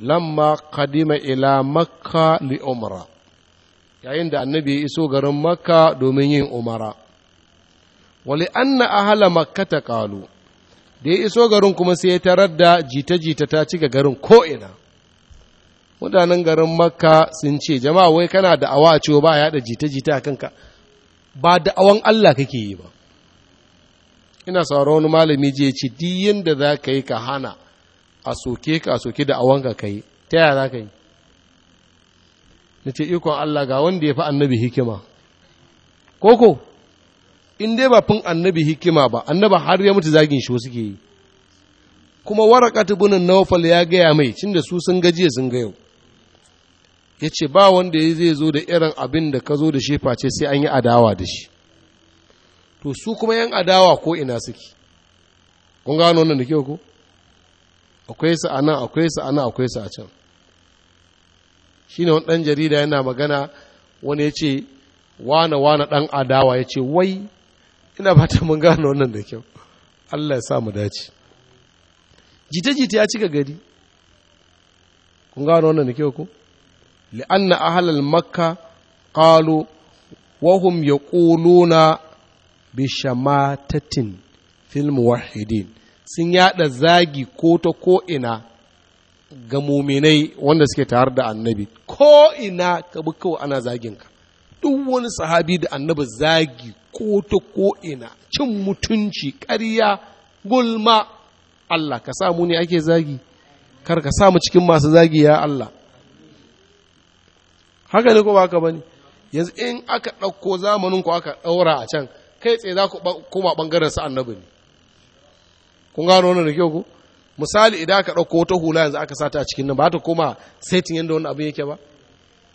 [SPEAKER 1] lamma kadima ila makka li umra yayin da annabi ya iso garin makka domin yin umara wali anna ahala ta kalu da ya iso garin kuma sai ya tarar da jita-jita ta ci ga garin ko'ina mutanen garin makka sun ce jama'a wai kana da awa a cewa ba a yada jita-jita a kanka ba da awan allah kake yi ba ina sauran wani malami je ce diyin da za ka yi ka hana a soke ka soke da ka yi ta yaya za ka yi na ce ikon allah ga wanda ya fi annabi hikima koko in dai ba fin annabi hikima ba annaba har ya mutu zagin shi wasu ke yi kuma waraka tubunin naufal ya gaya mai cin da su sun gajiya sun ga yau ya ce ba wanda ya zai zo da irin abin da ka zo da shi face sai an yi adawa da shi to su kuma yan adawa ko ina suke kun gano wannan da kyau ko akwai su a akwai su a akwai su a can shi wani ɗan jarida yana magana wani ya ce wane wane ɗan adawa ya ce wai ina ba ta mun gano wannan da kyau Allah ya sa mu dace jita-jita ya cika gari kun gano wannan da kyau ko li'anna ahlal makka qalu wa hum yaquluna bi shamatatin fil muwahhidin sun yada zagi ko ta ko ga muminai wanda suke tare da annabi ko'ina ina ka bi ana zaginka. duk wani sahabi da annaba zagi ko ta ko'ina cin mutunci ƙarya gulma Allah ka samu ne ake zagi kar ka samu cikin masu zagi ya Allah haka ne ko ba ka bane yanzu in aka ɗauko zamanin ku aka ɗaura a can kai tsaye za ku koma ɓangaren su annabi ne kun gano wannan da kyau ku misali idan aka ɗauko wata hula yanzu aka sata a cikin nan ba ta koma saitin yadda wani abin yake ba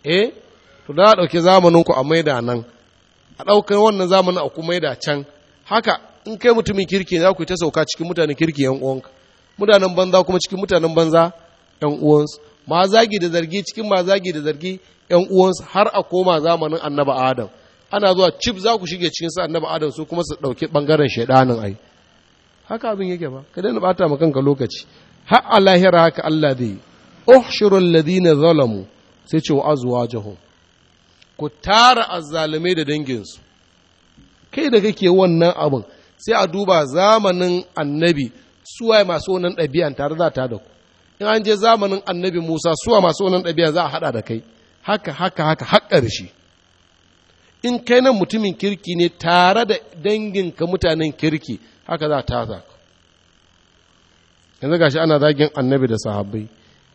[SPEAKER 1] eh to da ɗauki zamaninku a maida nan a ɗaukar wannan zamanin a kuma maida can haka in kai mutumin kirki za ku ta sauka cikin mutanen kirki yan uwanka mutanen banza kuma cikin mutanen banza yan uwansu ma zagi da zargi cikin ma zagi da zargi yan uwansu har a koma zamanin annaba adam ana zuwa cif za ku shige cikin su annaba adam su kuma su ɗauki ɓangaren shaidanin ai haka abin yake ba ka daina bata ma kanka lokaci har a lahira haka Allah zai uhshirul ladina zalamu sai ce wa azwajahum ku tara azzalumai da danginsu kai da kake wannan abin sai a duba zamanin annabi suwaye masu wannan ɗabi'an tare za ta da ku in an je zamanin annabi musa suwa masu wannan ɗabi'a za a haɗa da kai haka haka haka haƙar shi in kai nan mutumin kirki ne tare da danginka mutanen kirki haka za ta za yanzu gashi ana zagin annabi da sahabbai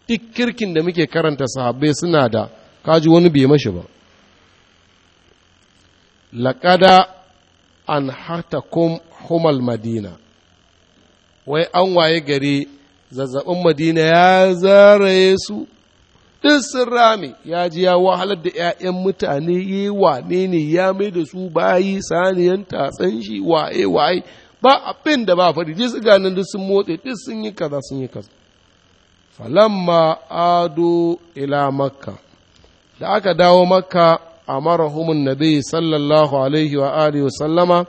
[SPEAKER 1] duk kirkin da muke karanta sahabbai suna da kaji wani bai mashi ba laƙada an kum humal madina wai an waye gari zazzaɓin madina ya zaraye su duk sun rame ya ji ya wahalar da 'ya'yan mutane yi wane ne ya mai da su bayi saniyan tatsan shi waye waye ba abin da ba fari duk ganin duk sun motsa duk sun yi kaza sun yi kaza falamma ado ila makka da aka dawo makka amarahumun nabi sallallahu alaihi wa alihi sallama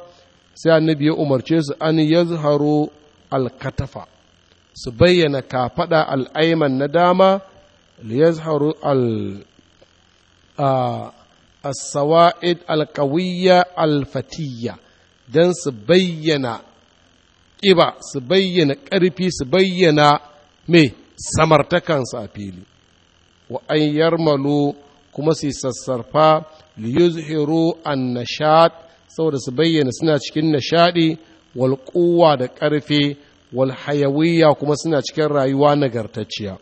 [SPEAKER 1] sai annabi ya umarci su an yazharu alkatafa su bayyana kafaɗa al'aiman na dama liyazharu al as-sawa'id al-qawiyya dan su bayyana ƙiba su bayyana ƙarfi su bayyana me samartakansu a fili wa'an an yarmalo kuma su sassarfa liyuzhiru an nashat saboda su bayyana suna cikin nashadi wal da ƙarfi wal hayawiyya kuma suna cikin rayuwa nagartacciya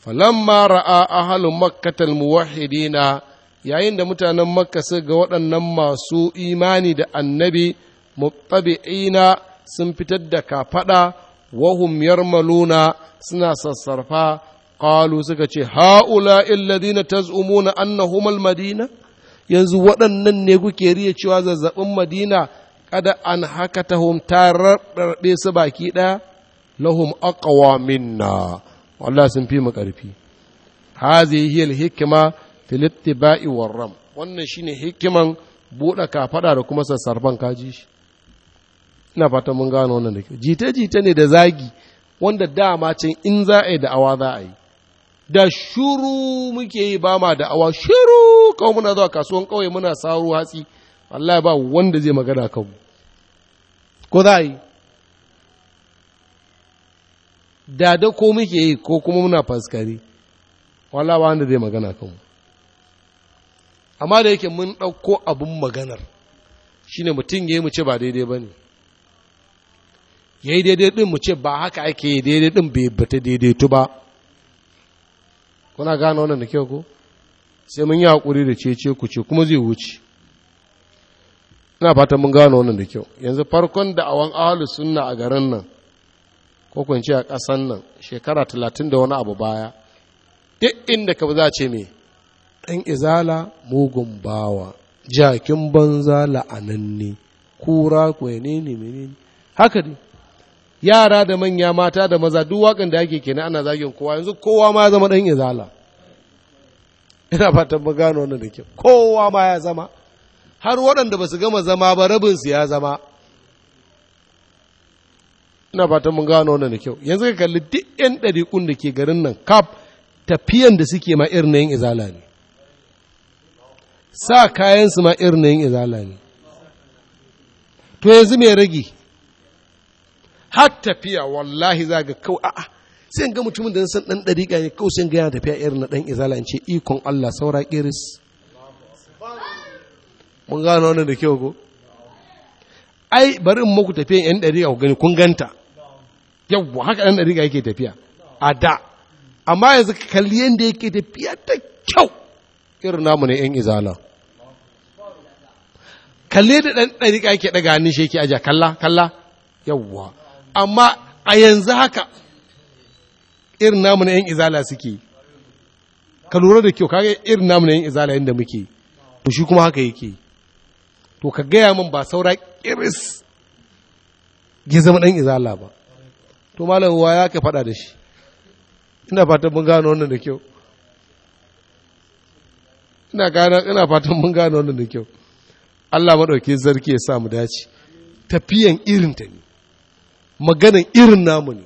[SPEAKER 1] falamma ra'a ahlu makkah al muwahhidina yayin da mutanen makka su ga waɗannan masu imani da annabi muttabi'ina sun fitar da kafaɗa wahum yarmaluna suna sassarfa qalu suka ce haula alladhina taz'umuna annahum almadina yanzu waɗannan ne kuke riya cewa zazzabin madina kada an haka tahum tararbe su baki ɗaya lahum aqwa minna wallahi sun fi mu karfi hazihi hiya alhikma fil ittiba'i warram wannan shine hikiman buɗe kafaɗa da kuma sassarfan kaji shi ina fata mun gano wannan da ke. jita-jita ne da zagi wanda dama can in za a da awa za a yi da shuru muke yi ba ma da'awa shuru kawai muna zuwa kasuwan kawai muna saro hatsi Allah ba wanda zai magana kawo. ko za yi da da ko muke yi ko kuma muna faskari Wala ba wanda zai magana kawo. amma da yake mun ɗauko abin maganar Shi ne mutum ya yi mu ce ba daidai ba ne ya yi daidai ɗin mu ce ba haka ake yi daidai ɗin bai bata daidaito ba kuna gane wannan da kyau ko sai mun yi haƙuri da cece ku ce kuma zai wuce ina fatan mun gane wannan da kyau yanzu farkon da awan ahalus sunna a garin nan ko ce a ƙasan nan shekara talatin da wani abu baya duk inda ka za ce me ɗan izala mugun bawa jakin banza la'ananne kura kwene ne menene haka dai yara da manya mata da maza duk waƙin da ake kenan ana zagin kowa yanzu kowa ma ya zama ɗan izala ina fatan ba gano wannan da kyau kowa ma ya zama har waɗanda ba su gama zama ba rabin su ya zama ina fatan mu gano wannan da kyau yanzu ka kalli duk yan ɗariƙun da ke garin nan kaf tafiyan da suke ma irin na yin izala ne sa kayan su ma irin na yin izala ne to yanzu mai rage har tafiya wallahi za ga kawai a'a sai ga mutumin da san dan dariƙa ne kawai sai ga yana tafiya irin na dan izala in ce ikon Allah saura ƙiris. mun gano wannan da kyau ko ai bari in muku tafiya yan dariƙa ku gani kun ganta yawwa haka dan dariƙa yake tafiya a da amma yanzu kalli yanda yake tafiya ta kyau irin namu ne yan izala Kalli da dan dariƙa yake daga hannun shi yake aja kalla kalla yawwa amma a yanzu haka irin namu na 'yan izala suke ka lura da kyau kaga irin namu na 'yan izala yadda muke to shi kuma haka yake to ka gaya min ba saura kiris ya zama ɗan izala ba to malawa ya ka fada da shi ina fatan mun gano wannan da kyau ina gano ina fatan mun gano wannan da kyau Allah madauke zarki ya sa mu dace tafiyan irin ta ne maganin irin namu ne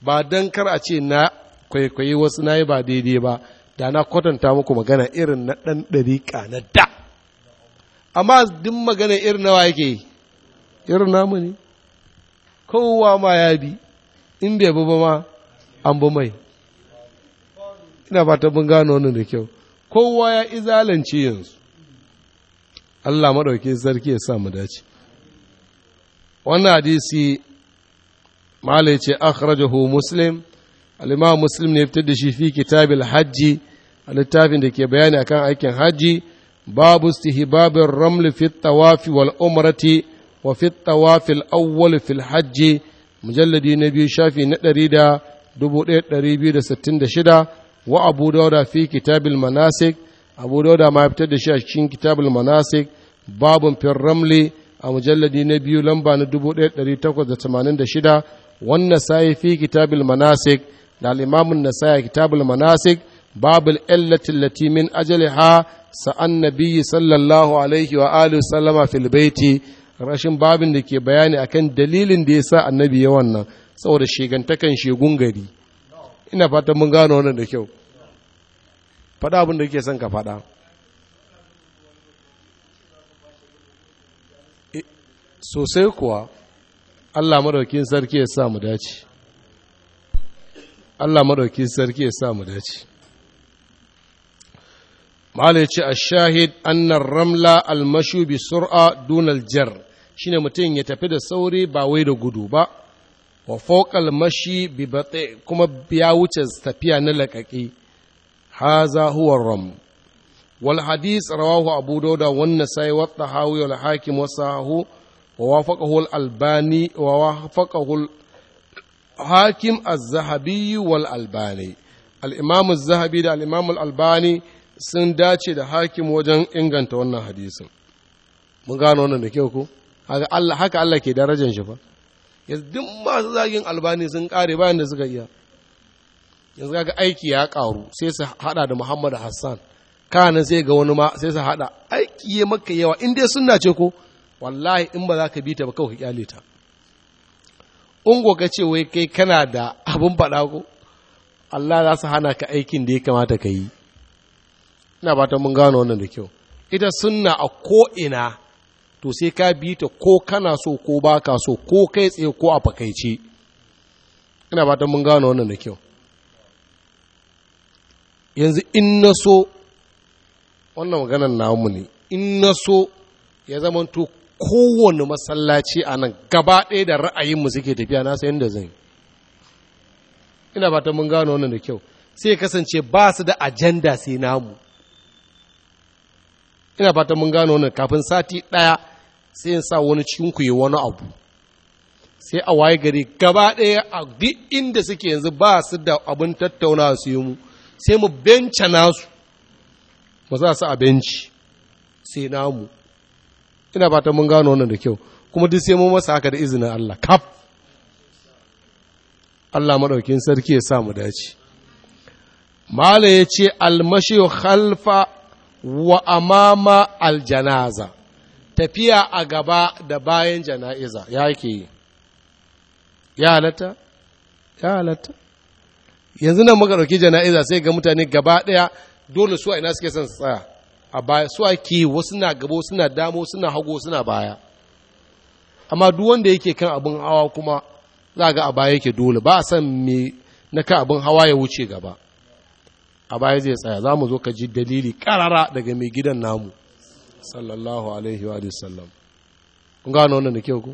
[SPEAKER 1] ba don kar a ce na kwaikwayi wasu na yi ba daidai ba da na kwatanta muku magana irin na ɗan ɗariƙa na da amma duk magana irin nawa yake yi irin namu ne kowa ma ya bi in bai bi ba ma an bi mai ina fata mun gano wannan da kyau kowa ya izalance yanzu Allah maɗauki sarki ya sa mu dace wannan hadisi malai ce akhrajahu muslim al-imam muslim ne fitar da shi fi kitabil hajji a littafin da ke bayani akan aikin hajji babu istihbabin raml fi tawafi wal umrati wa fi tawafi al-awwal fi hajji mujalladi na biyu shafi na ɗari da dubu biyu da sittin da shida wa abu dauda fi kitabil manasik abu dauda ma fitar da shi a cikin kitabil manasik babun fi ramli a mujalladi na biyu lamba na 1886 wannan sai fi kitabil manasik da al-imamun kitabin kitabul manasik babul illati allati min ajliha sa'an nabiyyi sallallahu alaihi wa alihi sallama fil baiti rashin babin da ke bayani akan dalilin da ya sa annabi ya wannan saboda shigantakan shegun gari ina fatan mun gano wannan da kyau faɗa abin da kake son ka faɗa sosai kuwa Allah maɗaukin sarki ya sa mu dace Allah maɗaukin sarki ya sa mu dace Mala ce a shahid annan ramla almashu bi sur'a dunal jar shi ne mutum ya tafi da sauri ba wai da gudu ba wa fokal mashi bi batse kuma ya wuce tafiya na laƙaƙi haza huwa ram wal hadis rawahu abu dauda wannan sai wata hawi wal hakim wasu ووافقه الألباني ووافقه الحاكم الذهبي والألباني الإمام الذهبي ده الإمام الألباني sun dace da hakim wajen inganta wannan hadisin mun gano wannan da kyau ko haka Allah ke darajar shi fa yanzu duk masu zagin albani sun kare bayan da suka iya yanzu kaga aiki ya karu sai su hada da Muhammad Hassan kana sai ga wani ma sai su hada aiki ya maka yawa in dai sunna ce ko wallahi in ba za ka bi ta ba kawai ka kyale ta ungo ka ce wai kai kana da abin faɗa ko Allah za su hana ka aikin da ya kamata ka yi ina ba ta mun gano wannan da kyau ita sunna a ko'ina to sai ka bi ta ko kana so ko ba ka so ko kai tsaye ko a fakaice ina ba ta mun gano wannan da kyau yanzu in na so wannan maganar namu ne in na so ya zamanto kowane masallaci a nan gaba ɗaya da ra'ayinmu suke tafiya na sayan da zan ina fatan mun gano wannan da kyau sai kasance ba su da ajanda sai namu ina fatan mun gano wannan kafin sati ɗaya sai yin sa wani cinku wani abu sai a waye gari gaba ɗaya a duk inda suke yanzu ba su da abin tattauna su yi mu sai mu benca nasu ba za su a benci sai namu ina fata mun gano wannan da kyau kuma duk sai mun masa haka da izinin Allah kaf Allah madaukin sarki ya sa mu dace mala yace ce almashi khalfa wa amama aljanaza tafiya a gaba da bayan jana'iza ya ke yi ya halatta ya halatta yanzu nan muka ɗauki jana'iza sai ga mutane gaba ɗaya dole su a ina suke son su tsaya a baya su ake wasu na gabo suna damo suna hago suna baya amma duk wanda yake kan abin hawa kuma za ga a baya yake dole ba a san me na kan abin hawa ya wuce gaba a baya zai tsaya za mu zo ka ji dalili karara daga mai gidan namu sallallahu alaihi wa sallam kun gano wannan da kyau ku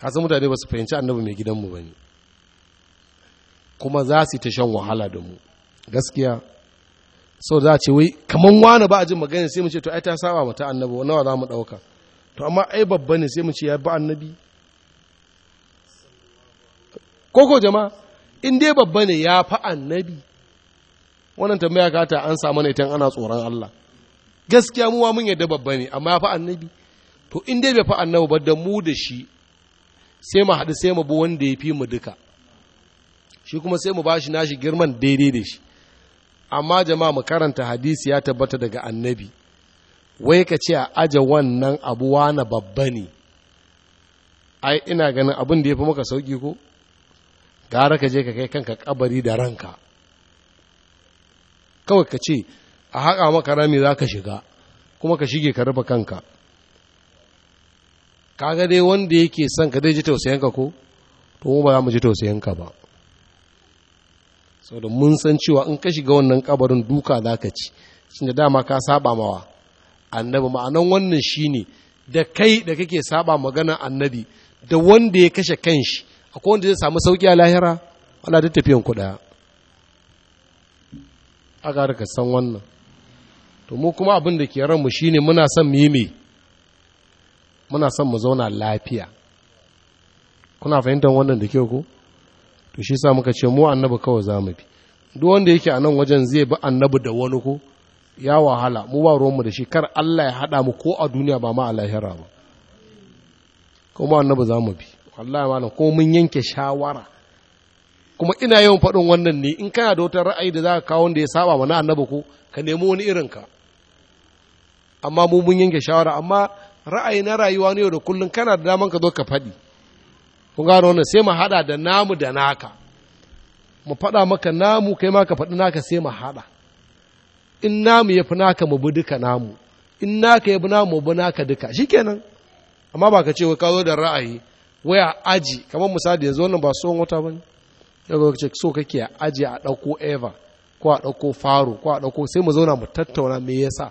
[SPEAKER 1] kasan mutane ba su fahimci annabi mai gidanmu ba ne kuma za su ta shan wahala da mu gaskiya sau za a ce wai Kamar wani ba a jin magana sai mu ce to ai ta saba mata annabi wa nawa za mu ɗauka to amma ai babba ne sai mu ce ya ba annabi koko jama'a in dai babba ne ya fa annabi wannan tambaya ka ta an samu ne tan ana tsoron Allah gaskiya mu mun yadda babba ne amma ya fa annabi to in dai bai fa annabi ba da mu da shi sai mu haɗu sai mu bi wanda ya fi mu duka shi kuma sai mu bashi nashi girman daidai da shi amma jama'a mu karanta hadisi ya tabbata daga annabi wai ka ce a aje wannan abu wani babba ne ai ina ganin abin da ya fi maka sauki ko gara ka je ka kai kanka kabari da ranka kawai ka ce a haƙa maka rami za ka shiga kuma ka shige ka rufe kanka kaga dai wanda yake son ka dai ji tausayinka ko to mu ba za mu ji tausayinka ba saboda mun san cewa in ka shiga wannan kabarin duka za ka ci shi da dama ka saba mawa annabi ma'anan wannan shi ne da kai da kake saba magana annabi da wanda ya kashe kanshi akwai wanda zai sami sauki a lahira ana da tafiyan ku daya aka ka san wannan to mu kuma abin da ke ranmu ne muna son mu muna son mu zauna lafiya kuna fahimtar wannan da kyau ko to shi sa muka ce mu annabi kawai za mu bi duk wanda yake a nan wajen zai bi annabi da wani ko ya wahala mu ba ruwanmu da shi kar Allah ya haɗa mu ko a duniya ba ma a lahira ba mu annabi za mu bi wallahi ma ko mun yanke shawara kuma ina yawan faɗin wannan ne in kana da wata ra'ayi da za ka kawo wanda ya saba mana annabi ko ka nemi wani irin ka amma mu mun yanke shawara amma ra'ayi na rayuwa ne da kullum kana da daman ka zo ka faɗi kun gano wannan sai mu haɗa da namu da naka mu faɗa maka namu kai ma ka faɗi naka sai mu haɗa in namu ya fi naka mu bi duka namu in naka ya bi namu mu bi naka duka shikenan amma ba ka ce wai ka zo da ra'ayi waya aji kamar misali yanzu wannan ba son wata bane ga ce so kake a aji a ɗauko eva ko a ɗauko faro ko a ɗauko sai mu zauna mu tattauna me yasa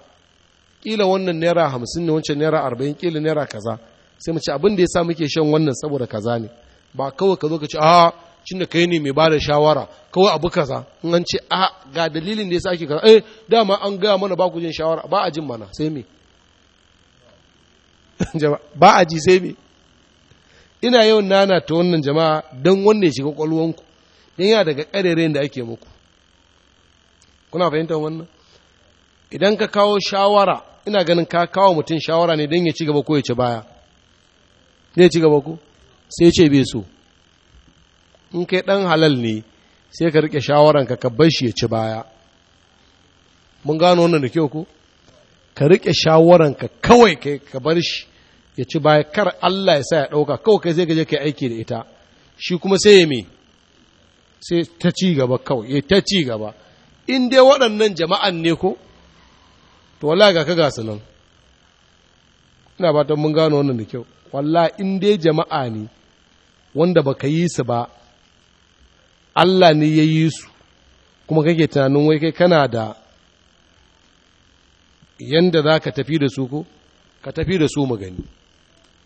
[SPEAKER 1] kila wannan naira hamsin ne wancan naira arba'in kila naira kaza sai mu abin da ya sa muke shan wannan saboda kaza ne ba kawai ka zo ka ce a cin da kai ne mai ba da shawara kawai abu kaza in an ce a ga dalilin da ya sa ake kaza eh dama an gaya mana ba ku jin shawara ba a jin mana sai me ba a ji sai me ina yau nana ta wannan jama'a don wanda ya shiga kwalwanku don yana daga ƙarerayen da ake muku kuna fahimtar wannan idan ka kawo shawara ina ganin ka kawo mutum shawara ne don ya ci gaba ko ya ci baya zai ci gaba ku sai ce bai so in kai ɗan halal ne sai ka rike shawaran ka ka bar shi ya ci baya mun gano wannan da kyau ko ka riƙe ka kawai kai ka bar shi ya ci baya kar Allah ya sa ya ɗauka kawai kai sai ka je kai aiki da ita shi kuma sai ya me sai ta ci gaba kawai ya ta ci gaba in dai waɗannan jama'an ne ko to wallahi ga ka gasu nan ina fatan mun gano wannan da kyau walla in dai jama'a ne wanda baka yi su ba Allah ne ya yi su kuma kake tunanin wai kai kana da yanda za ka tafi da su ko ka tafi da su mu gani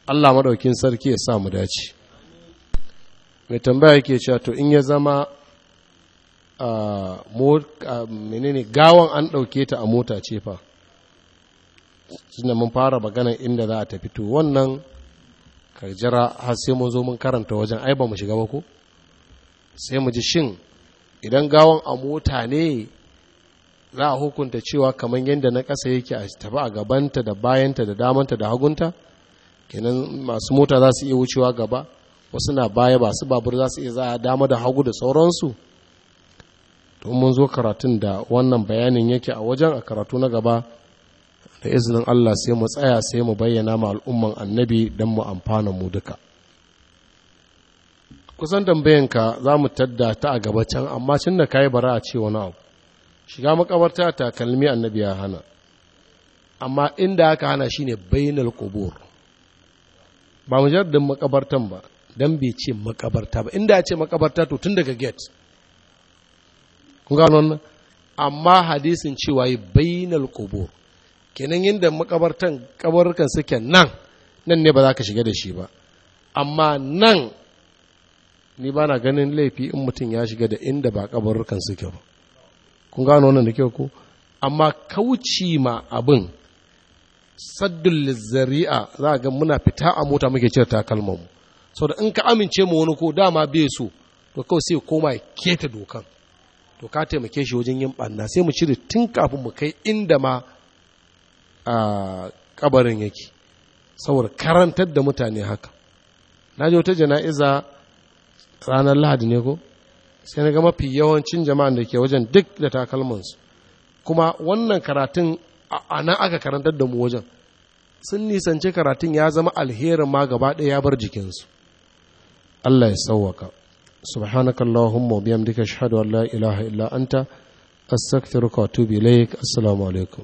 [SPEAKER 1] Allah maɗaukin sarki ya sa mu dace mai tambaya yake cewa to in ya zama menene gawan an ɗauke ta a mota ce fa suna mun fara maganan inda za a tafi to wannan ka jira har sai mun zo mun karanta wajen ai ba mu shiga ba ko sai mu ji shin idan gawon a mota ne za a hukunta cewa kamar yadda na ƙasa yake a tafi a gabanta da bayanta da damanta da hagunta kenan masu mota za su iya wucewa gaba wasu na baya ba su babur za su iya za a dama da hagu da sauransu to mun zo karatun da wannan bayanin yake a wajen a karatu na gaba da izinin Allah sai mu tsaya sai mu bayyana ma al'umman annabi don mu amfana mu duka kusan tambayanka za mu tadda ta a gaba can amma cin da kayi bara a ce wani abu shiga makabarta takalmi annabi ya hana amma inda aka hana shine bainal kobor ba mujarradin makabartan ba don bai ce makabarta ba inda ya ce makabarta to tun daga gate kun gano amma hadisin cewa yi bainal kubur kenan yadda makabartan kabarkan suke nan nan ne ba za ka shiga da shi ba amma nan ni ba na ganin laifi in mutum ya shiga da inda ba kabarkan suke ba kun gano wannan da kyau ko amma kauci ma abin saddul zari'a za a ga muna fita a mota muke cire takalman mu sau da in ka amince mu wani ko dama bai so to kawai sai koma ya keta dokan to ka taimake shi wajen yin banna sai mu cire tun kafin mu kai inda ma a kabarin yake saboda karantar da mutane haka na ji wata jana'iza ranar lahadi ne ko sai na ga mafi yawancin jama'an da ke wajen duk da takalmansu kuma wannan karatun a nan aka karantar da mu wajen sun nisance karatun ya zama alherin ma gaba ɗaya ya bar jikinsu Allah ya sauwaka subhanakallahumma biyamdika ashhadu an la ilaha illa anta astaghfiruka wa atubu assalamu alaikum